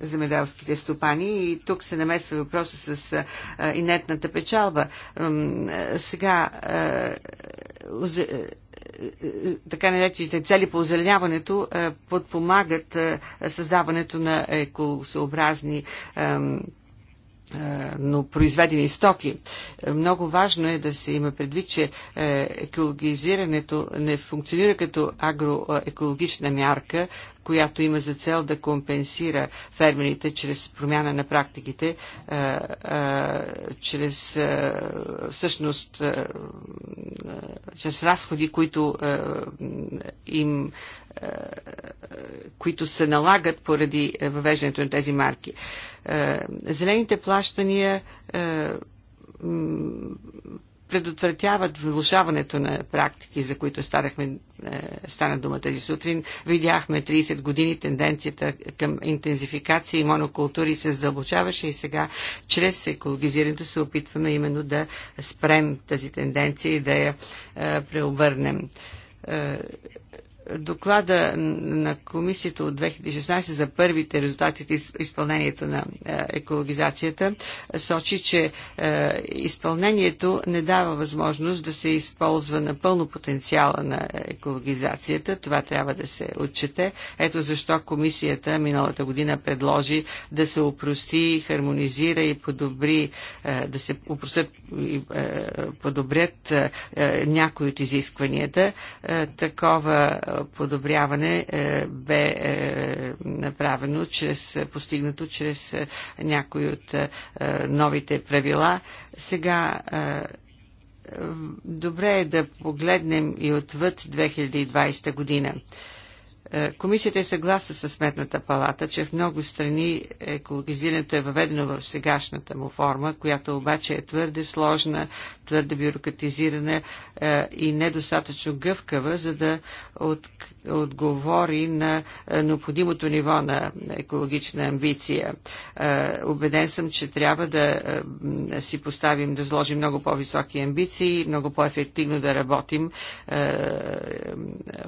земеделските стопани и тук се намесва въпроса с инетната печалба. Сега така наречените цели по озеленяването подпомагат създаването на екосообразни. Е, но произведени стоки. Е, много важно е да се има предвид, че е, екологизирането не функционира като агроекологична мярка, която има за цел да компенсира фермерите чрез промяна на практиките, чрез всъщност чрез разходи, които им които се налагат поради въвеждането на тези марки. Е, зелените плащания е, предотвратяват влушаването на практики, за които старахме, е, стана дума тази сутрин. Видяхме 30 години тенденцията към интензификация и монокултури се задълбочаваше и сега чрез екологизирането се опитваме именно да спрем тази тенденция и да я преобърнем доклада на комисията от 2016 за първите резултати от изпълнението на е, екологизацията сочи, че е, изпълнението не дава възможност да се използва на пълно потенциала на екологизацията. Това трябва да се отчете. Ето защо комисията миналата година предложи да се опрости, хармонизира и подобри, е, да се опростят и подобрят някои от изискванията. Такова подобряване е, бе е, направено чрез, постигнато чрез е, някои от новите правила. Сега добре е да погледнем и отвъд 2020 година. Е, комисията е съгласна с Сметната палата, че в много страни екологизирането е въведено в сегашната му форма, която обаче е твърде сложна, твърде бюрократизирана е, и недостатъчно гъвкава, за да от отговори на е, необходимото ниво на екологична амбиция. Обеден е, съм, че трябва да е, си поставим, да сложим много по-високи амбиции, много по-ефективно да работим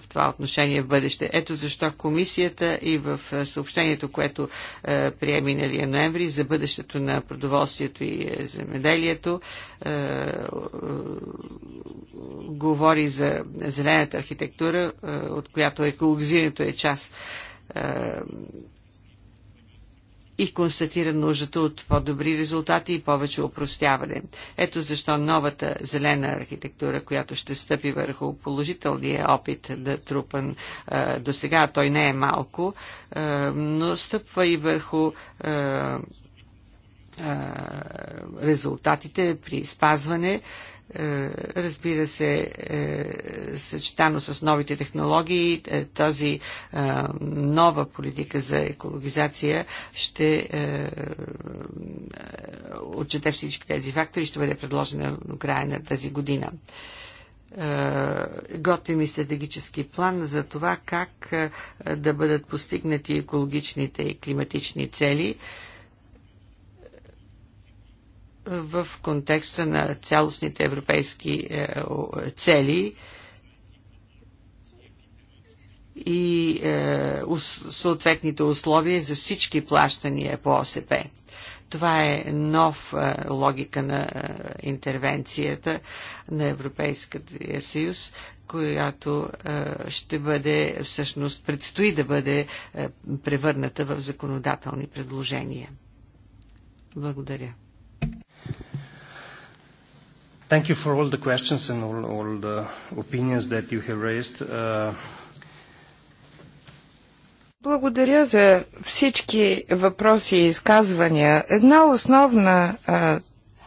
в това отношение в бъдеще. Ето защо комисията и в съобщението, което прие миналия ноември за бъдещето на продоволствието и земеделието, говори за зелената архитектура, от която която е, екологизирането е част е, и констатира нуждата от по-добри резултати и повече опростяване. Ето защо новата зелена архитектура, която ще стъпи върху положителния опит да трупан е, до сега, той не е малко, е, но стъпва и върху е, е резултатите при спазване е, разбира се, е, съчетано с новите технологии, е, тази нова политика за екологизация ще отчете всички тези фактори, ще бъде предложена до края на тази година готвим и стратегически план за това как да бъдат постигнати екологичните и климатични цели в контекста на цялостните европейски е, цели и е, съответните условия за всички плащания по ОСП. Това е нов е, логика на интервенцията на Европейския съюз, която ще бъде, всъщност, предстои да бъде превърната в законодателни предложения. Благодаря. Thank you for all the questions and all all the opinions that you have raised. Uh, Благодаря за всички въпроси и изказвания. Една основна а,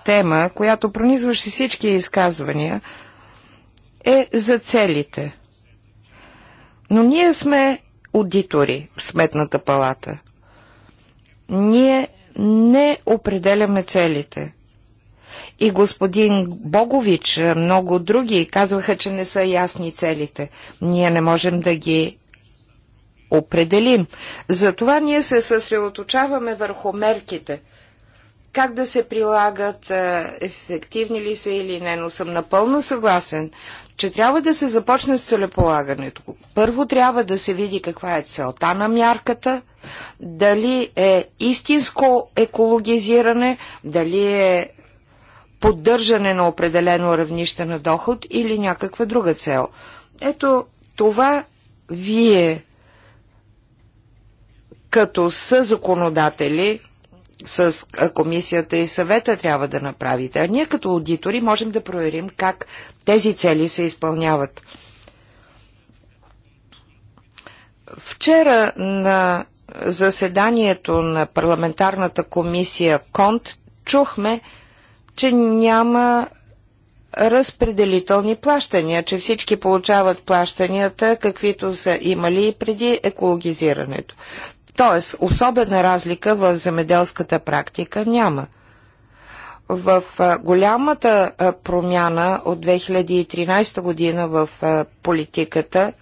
тема, която пронизваше всички изказвания, е за целите. Но ние сме аудитори в Сметната палата. Ние не определяме целите и господин Богович, много други казваха, че не са ясни целите. Ние не можем да ги определим. Затова ние се съсредоточаваме върху мерките. Как да се прилагат, ефективни ли са или не, но съм напълно съгласен, че трябва да се започне с целеполагането. Първо трябва да се види каква е целта на мярката, дали е истинско екологизиране, дали е поддържане на определено равнище на доход или някаква друга цел. Ето това вие като са законодатели с комисията и съвета трябва да направите. А ние като аудитори можем да проверим как тези цели се изпълняват. Вчера на заседанието на парламентарната комисия КОНТ чухме че няма разпределителни плащания, че всички получават плащанията, каквито са имали и преди екологизирането. Тоест, особена разлика в земеделската практика няма. В голямата промяна от 2013 година в политиката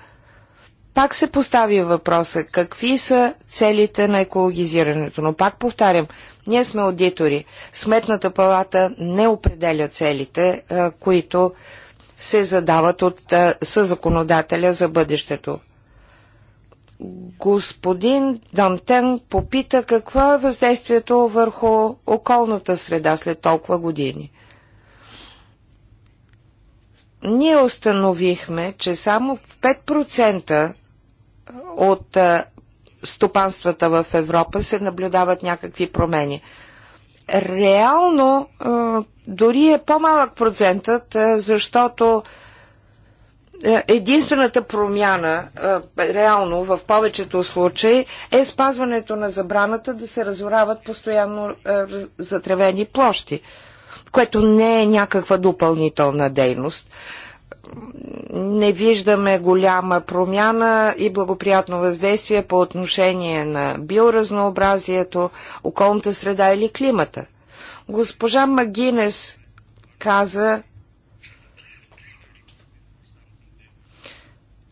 пак се постави въпроса какви са целите на екологизирането. Но пак повтарям, ние сме аудитори. Сметната палата не определя целите, които се задават от съзаконодателя за бъдещето. Господин Дамтен попита какво е въздействието върху околната среда след толкова години. Ние установихме, че само в 5% от стопанствата в Европа се наблюдават някакви промени. Реално дори е по-малък процентът, защото единствената промяна реално в повечето случаи е спазването на забраната да се разорават постоянно затревени площи, което не е някаква допълнителна дейност не виждаме голяма промяна и благоприятно въздействие по отношение на биоразнообразието, околната среда или климата. Госпожа Магинес каза,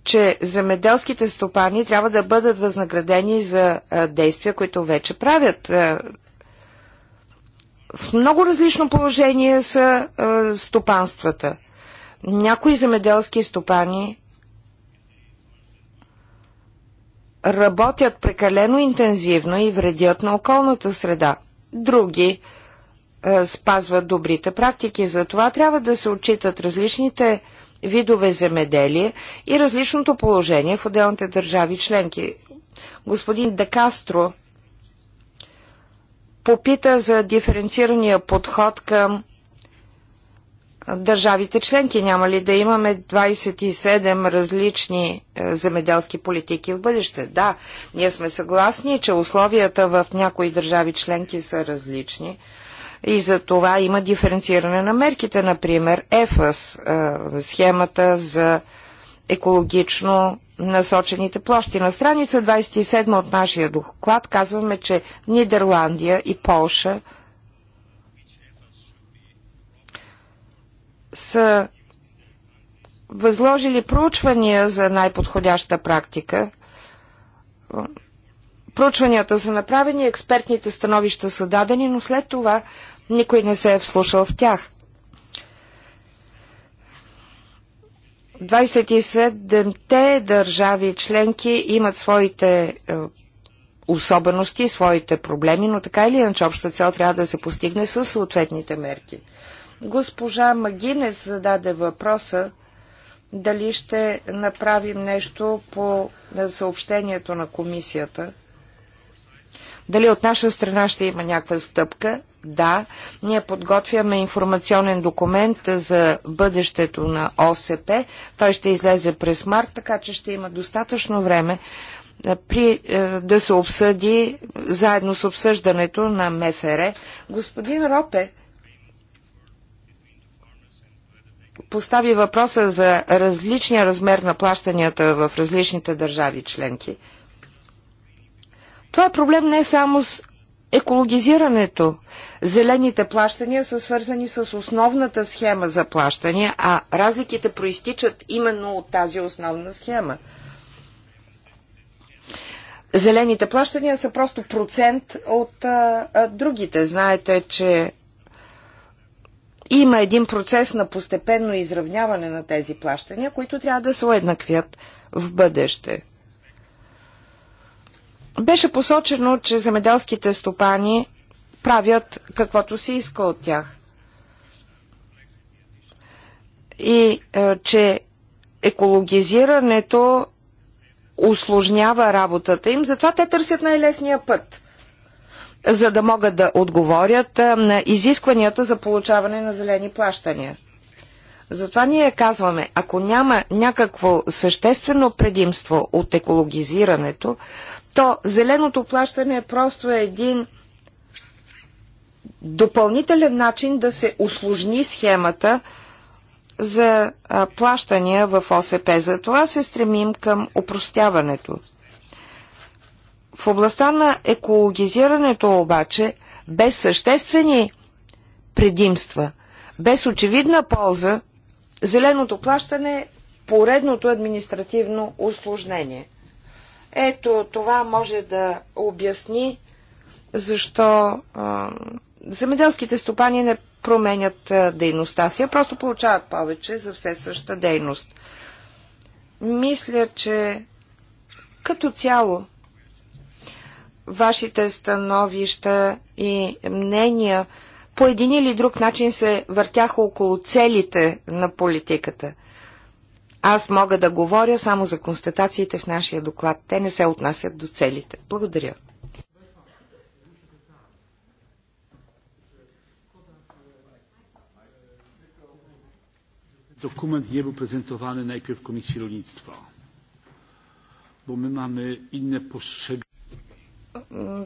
че земеделските стопани трябва да бъдат възнаградени за действия, които вече правят. В много различно положение са стопанствата – някои земеделски стопани работят прекалено интензивно и вредят на околната среда. Други е, спазват добрите практики. Затова трябва да се отчитат различните видове земеделие и различното положение в отделните държави членки. Господин Декастро попита за диференцирания подход към държавите членки? Няма ли да имаме 27 различни е, земеделски политики в бъдеще? Да, ние сме съгласни, че условията в някои държави членки са различни и за това има диференциране на мерките, например ЕФАС, е, схемата за екологично насочените площи. На страница 27 от нашия доклад казваме, че Нидерландия и Полша – са възложили проучвания за най-подходяща практика. Проучванията са направени, експертните становища са дадени, но след това никой не се е вслушал в тях. 27-те държави членки имат своите е, особености, своите проблеми, но така или иначе обща цел трябва да се постигне със съответните мерки. Госпожа Магинес зададе въпроса дали ще направим нещо по съобщението на комисията. Дали от наша страна ще има някаква стъпка? Да, ние подготвяме информационен документ за бъдещето на ОСП. Той ще излезе през март, така че ще има достатъчно време е, при, е, да се обсъди заедно с обсъждането на МФР. Господин Ропе, постави въпроса за различния размер на плащанията в различните държави членки. Това е проблем не само с екологизирането. Зелените плащания са свързани с основната схема за плащания, а разликите проистичат именно от тази основна схема. Зелените плащания са просто процент от а, а, другите. Знаете, че има един процес на постепенно изравняване на тези плащания, които трябва да се уеднаквят в бъдеще. Беше посочено, че земеделските стопани правят каквото се иска от тях. И е, че екологизирането усложнява работата им, затова те търсят най-лесния път за да могат да отговорят на изискванията за получаване на зелени плащания. Затова ние казваме, ако няма някакво съществено предимство от екологизирането, то зеленото плащане е просто един допълнителен начин да се усложни схемата за плащания в ОСП. Затова се стремим към опростяването. В областта на екологизирането обаче, без съществени предимства, без очевидна полза, зеленото плащане е поредното административно осложнение. Ето това може да обясни защо а, земеделските стопани не променят а, дейността си, а просто получават повече за все съща дейност. Мисля, че като цяло вашите становища и мнения по един или друг начин се въртяха около целите на политиката. Аз мога да говоря само за констатациите в нашия доклад. Те не се отнасят до целите. Благодаря. Dokument nie był prezentowany najpierw Komisji Rolnictwa, bo my mamy inne postrzeganie.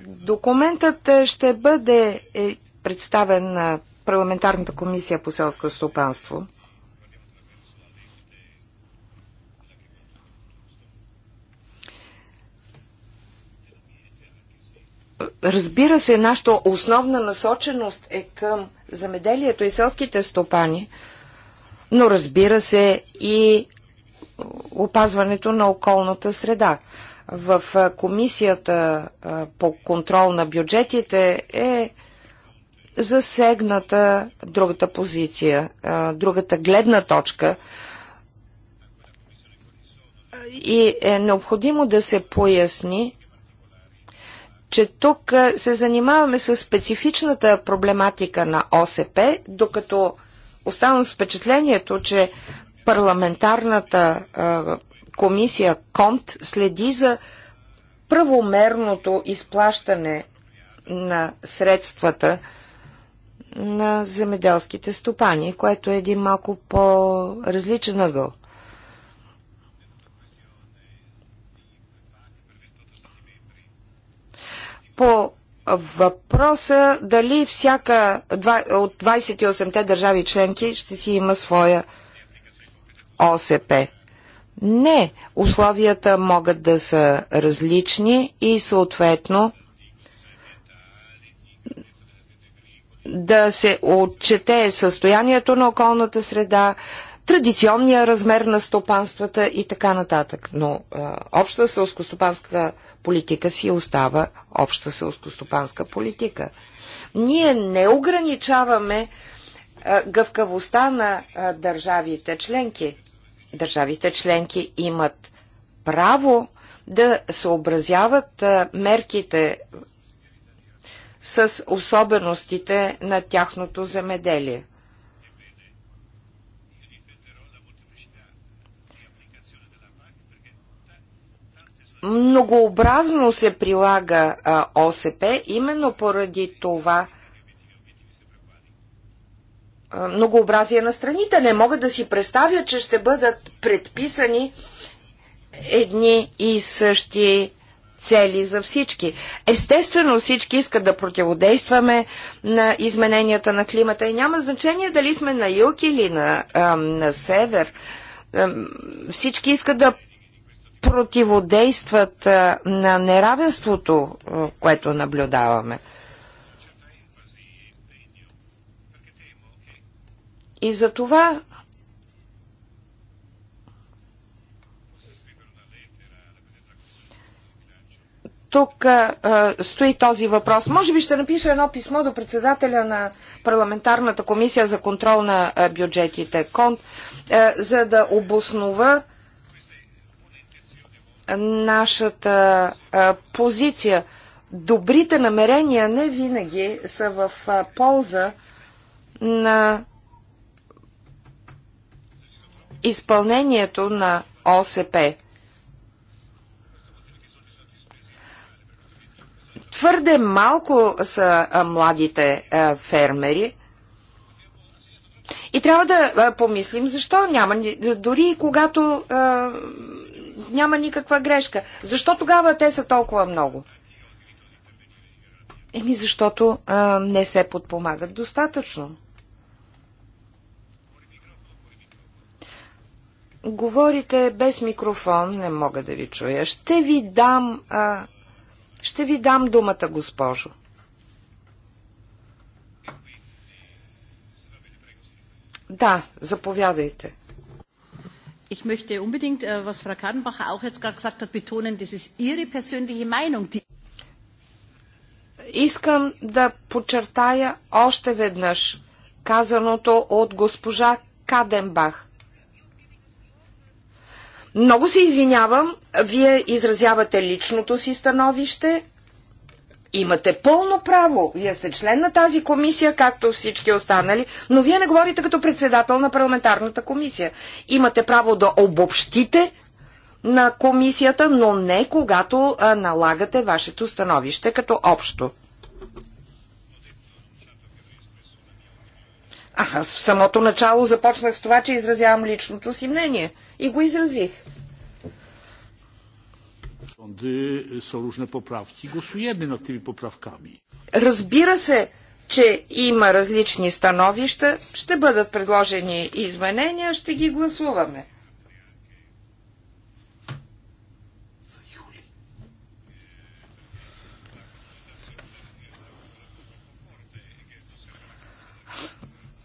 Документът е, ще бъде е, представен на Парламентарната комисия по селско стопанство. Разбира се, нашата основна насоченост е към замеделието и селските стопани, но разбира се и опазването на околната среда в комисията по контрол на бюджетите е засегната другата позиция, другата гледна точка и е необходимо да се поясни, че тук се занимаваме с специфичната проблематика на ОСП, докато оставам с впечатлението, че парламентарната комисия КОНТ следи за правомерното изплащане на средствата на земеделските стопани, което е един малко по-различен ъгъл. По въпроса дали всяка от 28-те държави членки ще си има своя ОСП. Не, условията могат да са различни и съответно да се отчете състоянието на околната среда, традиционния размер на стопанствата и така нататък. Но а, обща селскостопанска политика си остава обща селскостопанска политика. Ние не ограничаваме а, гъвкавостта на а, държавите членки държавите членки имат право да съобразяват мерките с особеностите на тяхното земеделие. Многообразно се прилага ОСП именно поради това, многообразие на страните. Не могат да си представят, че ще бъдат предписани едни и същи цели за всички. Естествено всички искат да противодействаме на измененията на климата и няма значение дали сме на юг или на, а, на север. А, всички искат да противодействат а, на неравенството, което наблюдаваме. И за това тук а, стои този въпрос. Може би ще напиша едно писмо до председателя на парламентарната комисия за контрол на бюджетите, КОНТ, за да обоснова нашата а, позиция. Добрите намерения не винаги са в а, полза на изпълнението на ОСП. Твърде малко са младите фермери и трябва да помислим защо няма, дори когато няма никаква грешка. Защо тогава те са толкова много? Еми защото а, не се подпомагат достатъчно. Говорите без микрофон, не мога да ви чуя. Ще ви дам, а, ще ви дам думата, госпожо. Да, заповядайте. Ich möchte unbedingt, äh, was Frau Kadenbacher auch jetzt gerade gesagt hat, betonen, das ist Ihre persönliche Meinung. Die Искам да подчертая още веднъж казаното от госпожа Каденбах. Много се извинявам, вие изразявате личното си становище, имате пълно право, вие сте член на тази комисия, както всички останали, но вие не говорите като председател на парламентарната комисия. Имате право да обобщите на комисията, но не когато налагате вашето становище като общо. А, аз в самото начало започнах с това, че изразявам личното си мнение. И го изразих. Са поправки. Разбира се, че има различни становища, ще бъдат предложени изменения, ще ги гласуваме.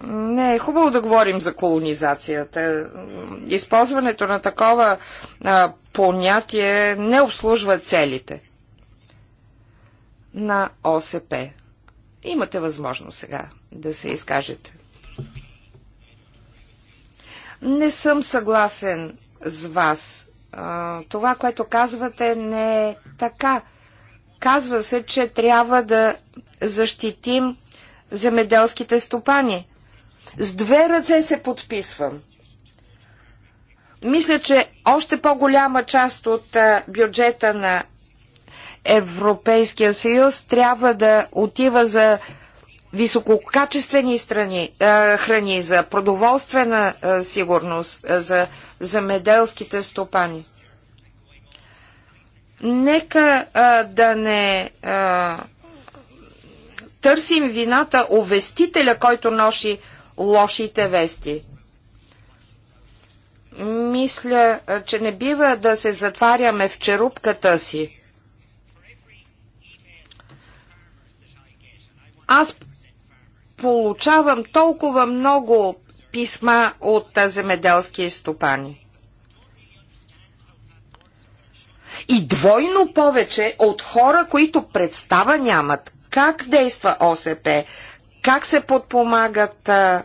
Не е хубаво да говорим за колонизацията. Използването на такова а, понятие не обслужва целите на ОСП. Имате възможност сега да се изкажете. Не съм съгласен с вас. А, това, което казвате, не е така. Казва се, че трябва да защитим земеделските стопани. С две ръце се подписвам. Мисля, че още по-голяма част от бюджета на Европейския съюз трябва да отива за висококачествени страни, храни, за продоволствена сигурност, за замеделските стопани. Нека да не търсим вината овестителя, който ноши лошите вести. Мисля, че не бива да се затваряме в черупката си. Аз получавам толкова много писма от земеделски стопани. И двойно повече от хора, които представа нямат. Как действа ОСП? как се подпомагат а,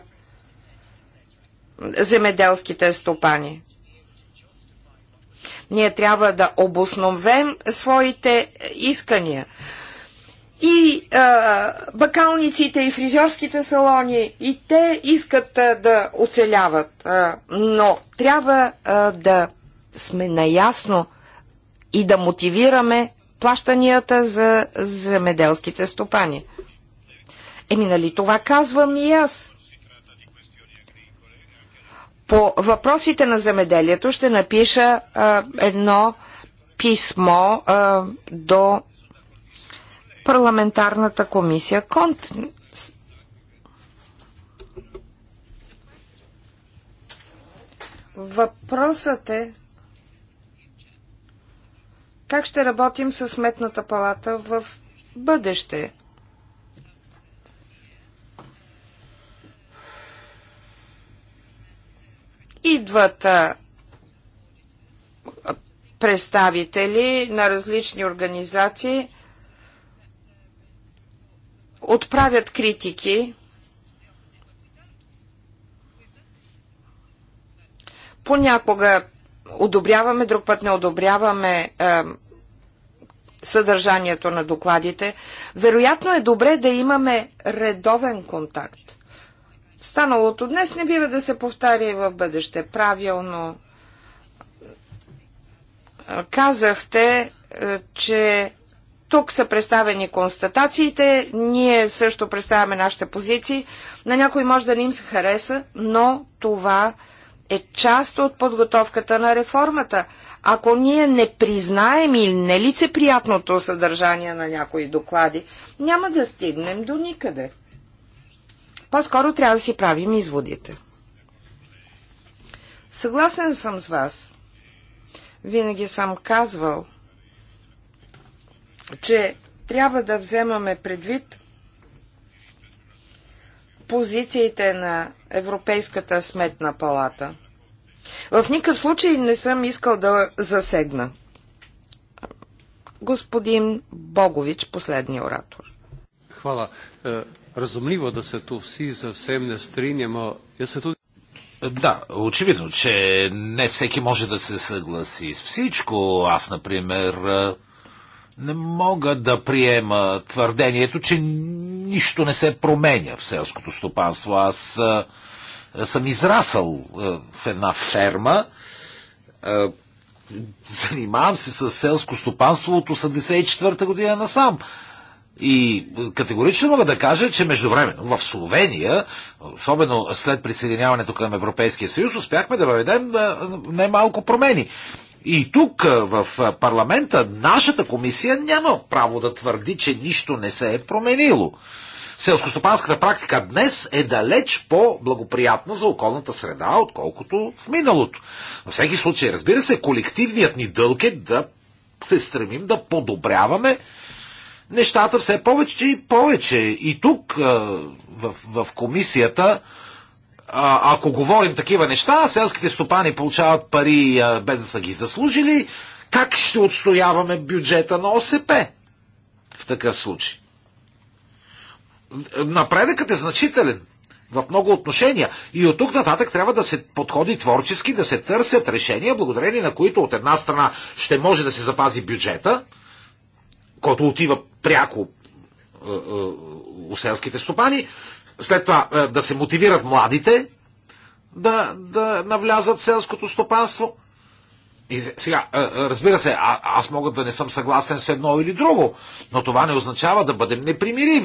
земеделските стопани. Ние трябва да обосновем своите искания. И а, бакалниците, и фризьорските салони, и те искат а, да оцеляват. А, но трябва а, да сме наясно и да мотивираме плащанията за земеделските стопани. Еми, нали това казвам и аз. По въпросите на земеделието ще напиша а, едно писмо а, до парламентарната комисия Конт. Въпросът е как ще работим с Сметната палата в бъдеще – идват представители на различни организации, отправят критики, понякога одобряваме, друг път не одобряваме съдържанието на докладите. Вероятно е добре да имаме редовен контакт. Станалото днес не бива да се повтаря и в бъдеще. Правилно казахте, е, че тук са представени констатациите, ние също представяме нашите позиции. На някой може да не им се хареса, но това е част от подготовката на реформата. Ако ние не признаем и нелицеприятното съдържание на някои доклади, няма да стигнем до никъде. По-скоро трябва да си правим изводите. Съгласен съм с вас. Винаги съм казвал, че трябва да вземаме предвид позициите на Европейската сметна палата. В никакъв случай не съм искал да засегна. Господин Богович, последния оратор. Хвала. Е, Разумливо да се ту вси съвсем не стринемо. Я се ту. Да, очевидно, че не всеки може да се съгласи с всичко. Аз, например, не мога да приема твърдението, че нищо не се променя в селското стопанство. Аз съм израсъл в една ферма, занимавам се с селско стопанство от 84 година насам. И категорично мога да кажа, че междувременно в Словения, особено след присъединяването към Европейския съюз, успяхме да въведем немалко промени. И тук в парламента нашата комисия няма право да твърди, че нищо не се е променило. Селскостопанската практика днес е далеч по-благоприятна за околната среда, отколкото в миналото. Във всеки случай, разбира се, колективният ни дълг е да се стремим да подобряваме нещата все повече и повече. И тук, в, в комисията, ако говорим такива неща, селските стопани получават пари без да са ги заслужили, как ще отстояваме бюджета на ОСП в такъв случай? Напредъкът е значителен в много отношения. И от тук нататък трябва да се подходи творчески, да се търсят решения, благодарение на които от една страна ще може да се запази бюджета, който отива пряко е, е, селските стопани, след това е, да се мотивират младите да, да навлязат в селското стопанство. И сега, разбира се, а, аз мога да не съм съгласен с едно или друго, но това не означава да бъдем непримирими.